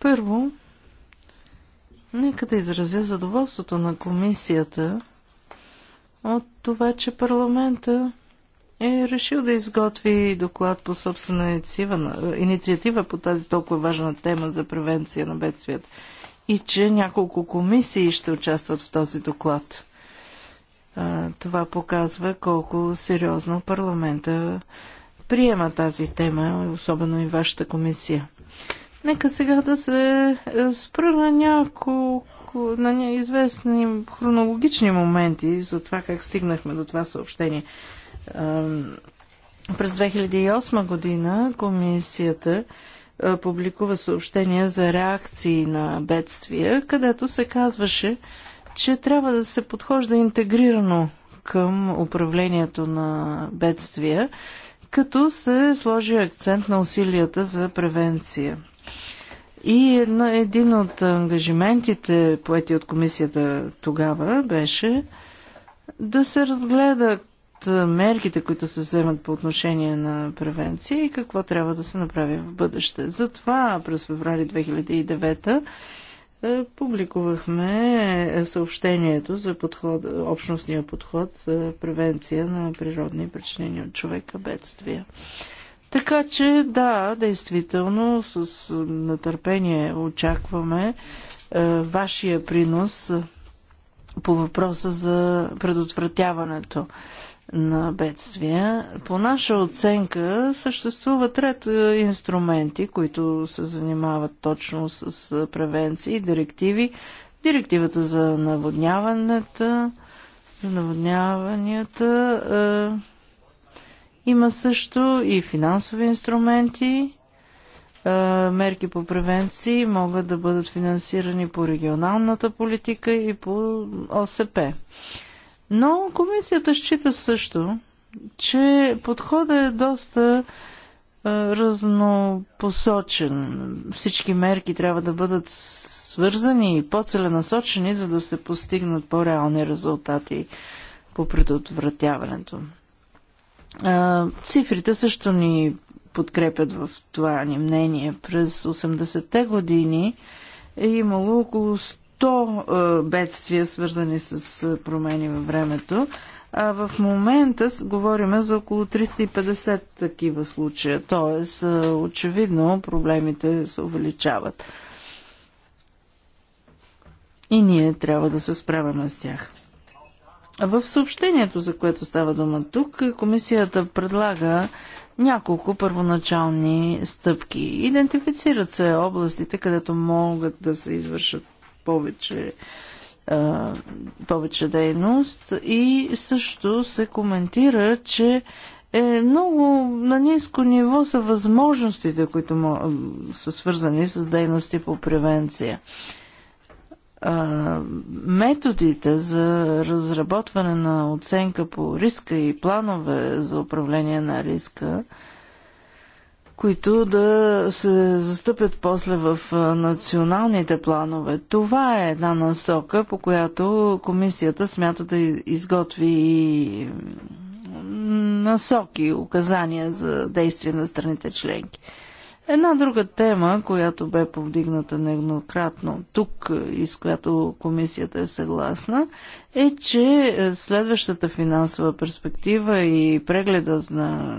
Първо, нека да изразя задоволството на комисията от това, че парламента е решил да изготви доклад по собствена инициатива по тази толкова важна тема за превенция на бедствията и че няколко комисии ще участват в този доклад. Това показва колко сериозно парламента приема тази тема, особено и вашата комисия. Нека сега да се е, спра на няколко на известни хронологични моменти за това как стигнахме до това съобщение. През 2008 година комисията е, публикува съобщения за реакции на бедствия, където се казваше, че трябва да се подхожда интегрирано към управлението на бедствия, като се сложи акцент на усилията за превенция. И едно, един от ангажиментите, поети от комисията тогава, беше да се разгледа мерките, които се вземат по отношение на превенция и какво трябва да се направи в бъдеще. Затова през феврали 2009 е, публикувахме съобщението за подход, общностния подход за превенция на природни причинени от човека бедствия. Така че, да, действително, с натърпение очакваме е, вашия принос по въпроса за предотвратяването на бедствия. По наша оценка съществуват ред е, инструменти, които се занимават точно с е, превенции, директиви. Директивата за наводняването, за наводняванията. Е, има също и финансови инструменти. Е, мерки по превенции могат да бъдат финансирани по регионалната политика и по ОСП. Но комисията счита също, че подходът е доста е, разнопосочен. Всички мерки трябва да бъдат свързани и по-целенасочени, за да се постигнат по-реални резултати по предотвратяването. Цифрите също ни подкрепят в това ни мнение. През 80-те години е имало около 100 е, бедствия, свързани с е, промени във времето. А в момента говорим за около 350 такива случая, т.е. очевидно проблемите се увеличават. И ние трябва да се справяме с тях. В съобщението, за което става дума тук, комисията предлага няколко първоначални стъпки. Идентифицират се областите, където могат да се извършат повече, а, повече дейност и също се коментира, че е много на ниско ниво са възможностите, които са свързани с дейности по превенция. А, методите за разработване на оценка по риска и планове за управление на риска които да се застъпят после в националните планове. Това е една насока, по която комисията смята да изготви и насоки, указания за действие на страните членки. Една друга тема, която бе повдигната нееднократно тук и с която комисията е съгласна, е, че следващата финансова перспектива и прегледът на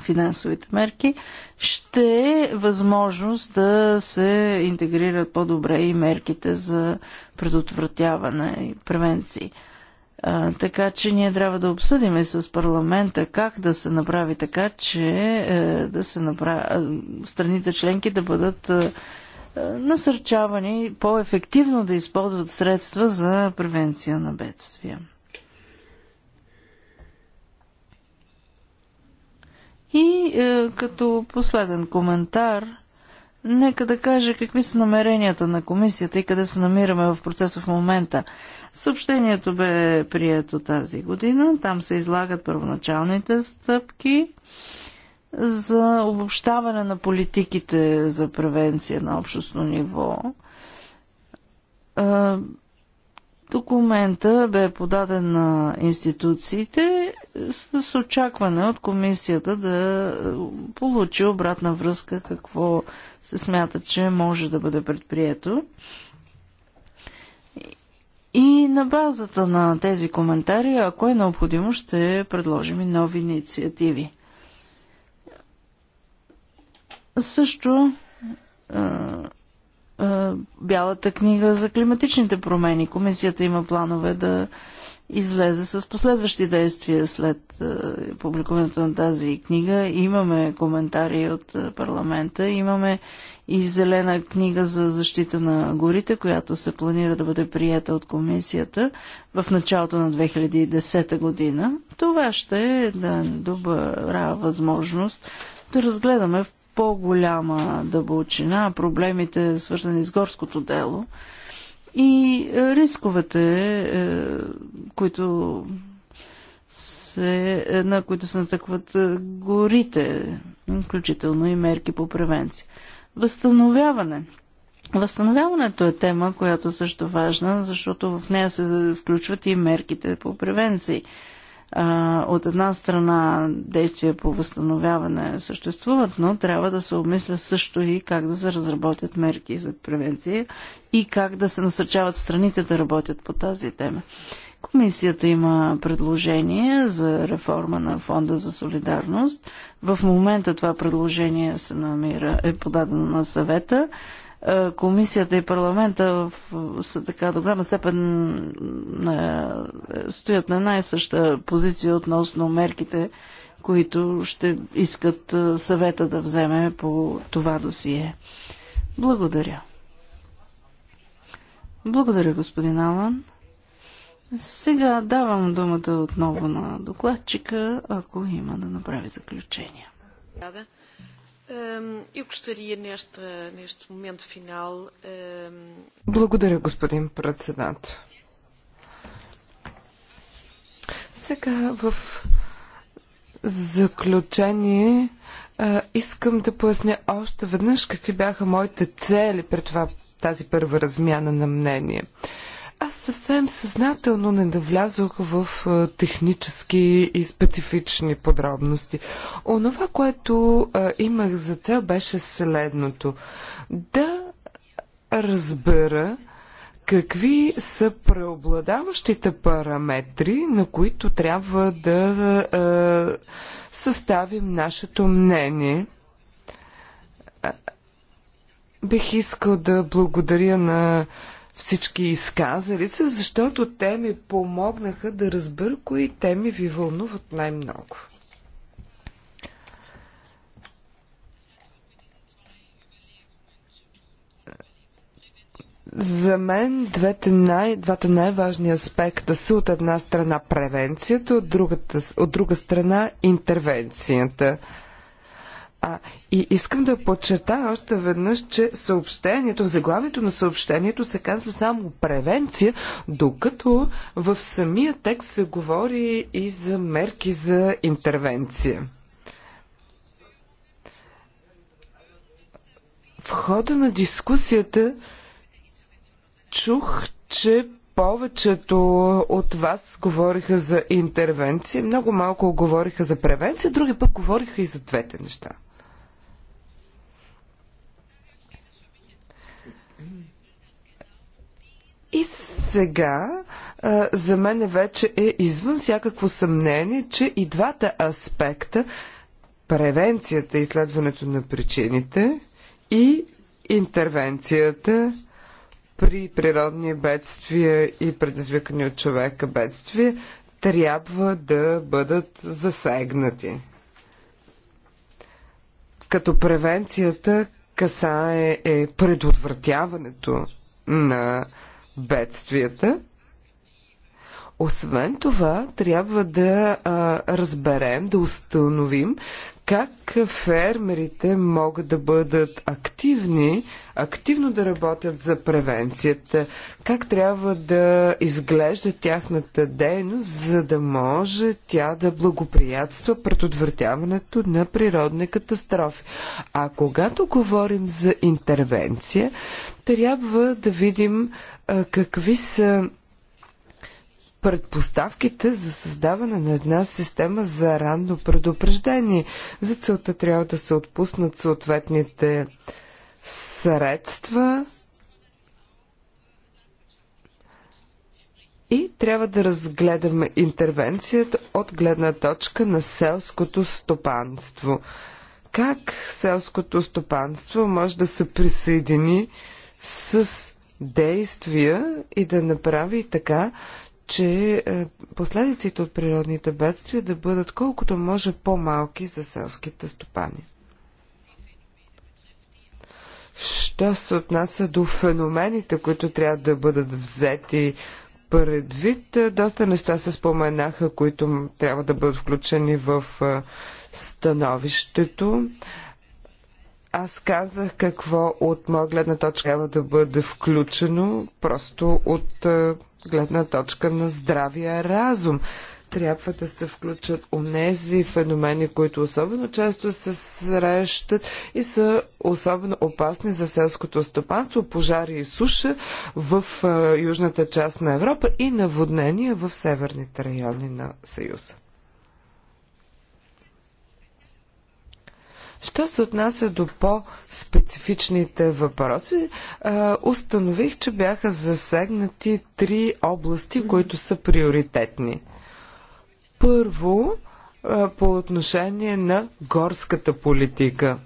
финансовите мерки, ще е възможност да се интегрират по-добре и мерките за предотвратяване и превенции. А, така че ние трябва да обсъдим и с парламента как да се направи така, че е, да се направи, е, страните членки да бъдат е, е, насърчавани по-ефективно да използват средства за превенция на бедствия. И е, като последен коментар, нека да кажа какви са намеренията на комисията и къде се намираме в процеса в момента. Съобщението бе прието тази година. Там се излагат първоначалните стъпки за обобщаване на политиките за превенция на общностно ниво е, Документа бе подаден на институциите с очакване от комисията да получи обратна връзка какво се смята, че може да бъде предприето. И на базата на тези коментари, ако е необходимо, ще предложим и нови инициативи. Също е, бялата книга за климатичните промени. Комисията има планове да излезе с последващи действия след е, публикуването на тази книга. Имаме коментари от е, парламента, имаме и зелена книга за защита на горите, която се планира да бъде приета от комисията в началото на 2010 година. Това ще е да, добра възможност да разгледаме в по-голяма дълбочина, проблемите свързани с горското дело и е, рисковете, е, които се, е, на които се натъкват горите, включително и мерки по превенция. Възстановяване. Възстановяването е тема, която също важна, защото в нея се включват и мерките по превенции от една страна действия по възстановяване съществуват, но трябва да се обмисля също и как да се разработят мерки за превенция и как да се насърчават страните да работят по тази тема. Комисията има предложение за реформа на Фонда за солидарност. В момента това предложение се намира, е подадено на съвета. Е, комисията и парламента в, са така до голяма степен на, е, стоят на най-съща позиция относно мерките, които ще искат е, съвета да вземе по това досие. Благодаря. Благодаря, господин Алан. Сега давам думата отново на докладчика, ако има да направи заключения. Eu gostaria neste, neste momento final. Благодаря, господин председател. Сега в заключение искам да поясня още веднъж какви бяха моите цели при това тази първа размяна на мнение. Аз съвсем съзнателно не навлязох в технически и специфични подробности. Онова, което а, имах за цел, беше следното. Да разбера какви са преобладаващите параметри, на които трябва да а, съставим нашето мнение. Бих искал да благодаря на всички изказали се, защото те ми помогнаха да разбера кои теми ви вълнуват най-много. За мен двете най, двата най-важни аспекта са от една страна превенцията, от, другата, от друга страна интервенцията. А, и искам да подчертая още веднъж, че съобщението, в заглавието на съобщението се казва само превенция, докато в самия текст се говори и за мерки за интервенция. В хода на дискусията чух, че повечето от вас говориха за интервенция, много малко говориха за превенция, други пък говориха и за двете неща. И сега за мен вече е извън всякакво съмнение, че и двата аспекта превенцията, изследването на причините и интервенцията при природни бедствия и предизвикани от човека бедствия трябва да бъдат засегнати. Като превенцията касае е предотвратяването на бедствията. Освен това, трябва да а, разберем, да установим как фермерите могат да бъдат активни, активно да работят за превенцията, как трябва да изглежда тяхната дейност, за да може тя да благоприятства предотвратяването на природни катастрофи. А когато говорим за интервенция, трябва да видим какви са предпоставките за създаване на една система за ранно предупреждение. За целта трябва да се отпуснат съответните средства и трябва да разгледаме интервенцията от гледна точка на селското стопанство. Как селското стопанство може да се присъедини с действия и да направи така, че е, последиците от природните бедствия да бъдат колкото може по-малки за селските стопани. Що се отнася до феномените, които трябва да бъдат взети предвид, е, доста неща се споменаха, които трябва да бъдат включени в е, становището. Аз казах какво от моя гледна точка трябва да бъде включено, просто от гледна точка на здравия разум. Трябва да се включат онези феномени, които особено често се срещат и са особено опасни за селското стопанство, пожари и суша в южната част на Европа и наводнения в северните райони на Съюза. Що се отнася до по-специфичните въпроси, установих, че бяха засегнати три области, които са приоритетни. Първо, по отношение на горската политика.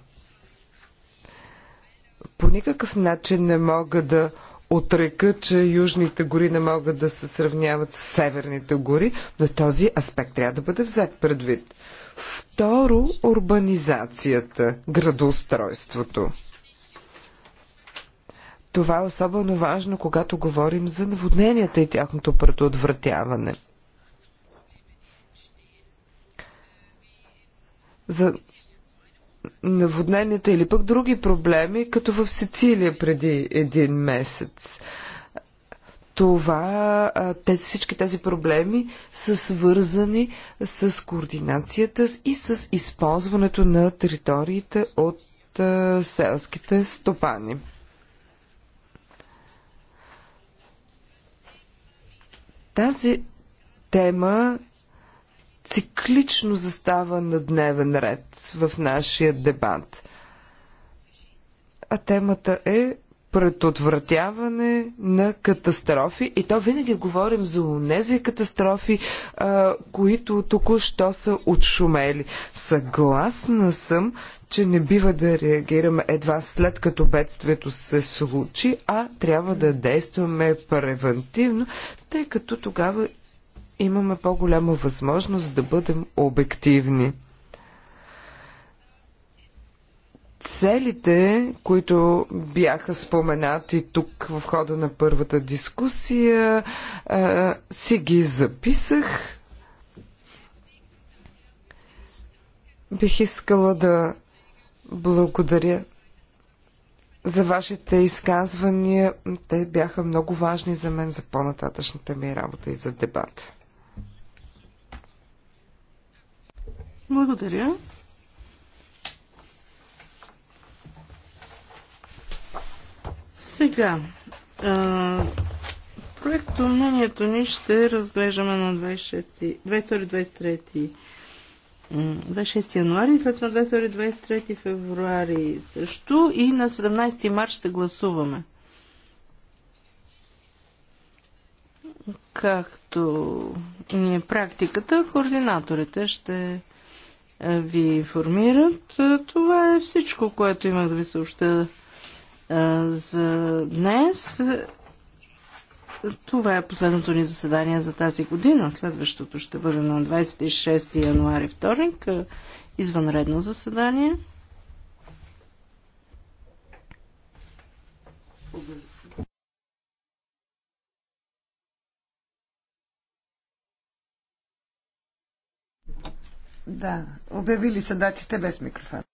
По никакъв начин не мога да отрека, че южните гори не могат да се сравняват с северните гори, но този аспект трябва да бъде взет предвид. Второ, урбанизацията, градоустройството. Това е особено важно, когато говорим за наводненията и тяхното предотвратяване. За наводненията или пък други проблеми, като в Сицилия преди един месец това тези, всички тези проблеми са свързани с координацията и с използването на териториите от селските стопани. Тази тема циклично застава на дневен ред в нашия дебат. А темата е предотвратяване на катастрофи и то винаги говорим за онези катастрофи, а, които току-що са отшумели. Съгласна съм, че не бива да реагираме едва след като бедствието се случи, а трябва да действаме превентивно, тъй като тогава имаме по-голяма възможност да бъдем обективни. целите, които бяха споменати тук в хода на първата дискусия, си ги записах. Бих искала да благодаря за вашите изказвания. Те бяха много важни за мен за по-нататъчната ми работа и за дебат. Благодаря. Сега, а, проекто мнението ни ще разглеждаме на 26 януари, след това 23 февруари също и на 17 марта ще гласуваме. Както ни е практиката, координаторите ще ви информират. Това е всичко, което имах да ви съобща за днес. Това е последното ни заседание за тази година. Следващото ще бъде на 26 януари вторник. Извънредно заседание. Да, обявили са датите без микрофон.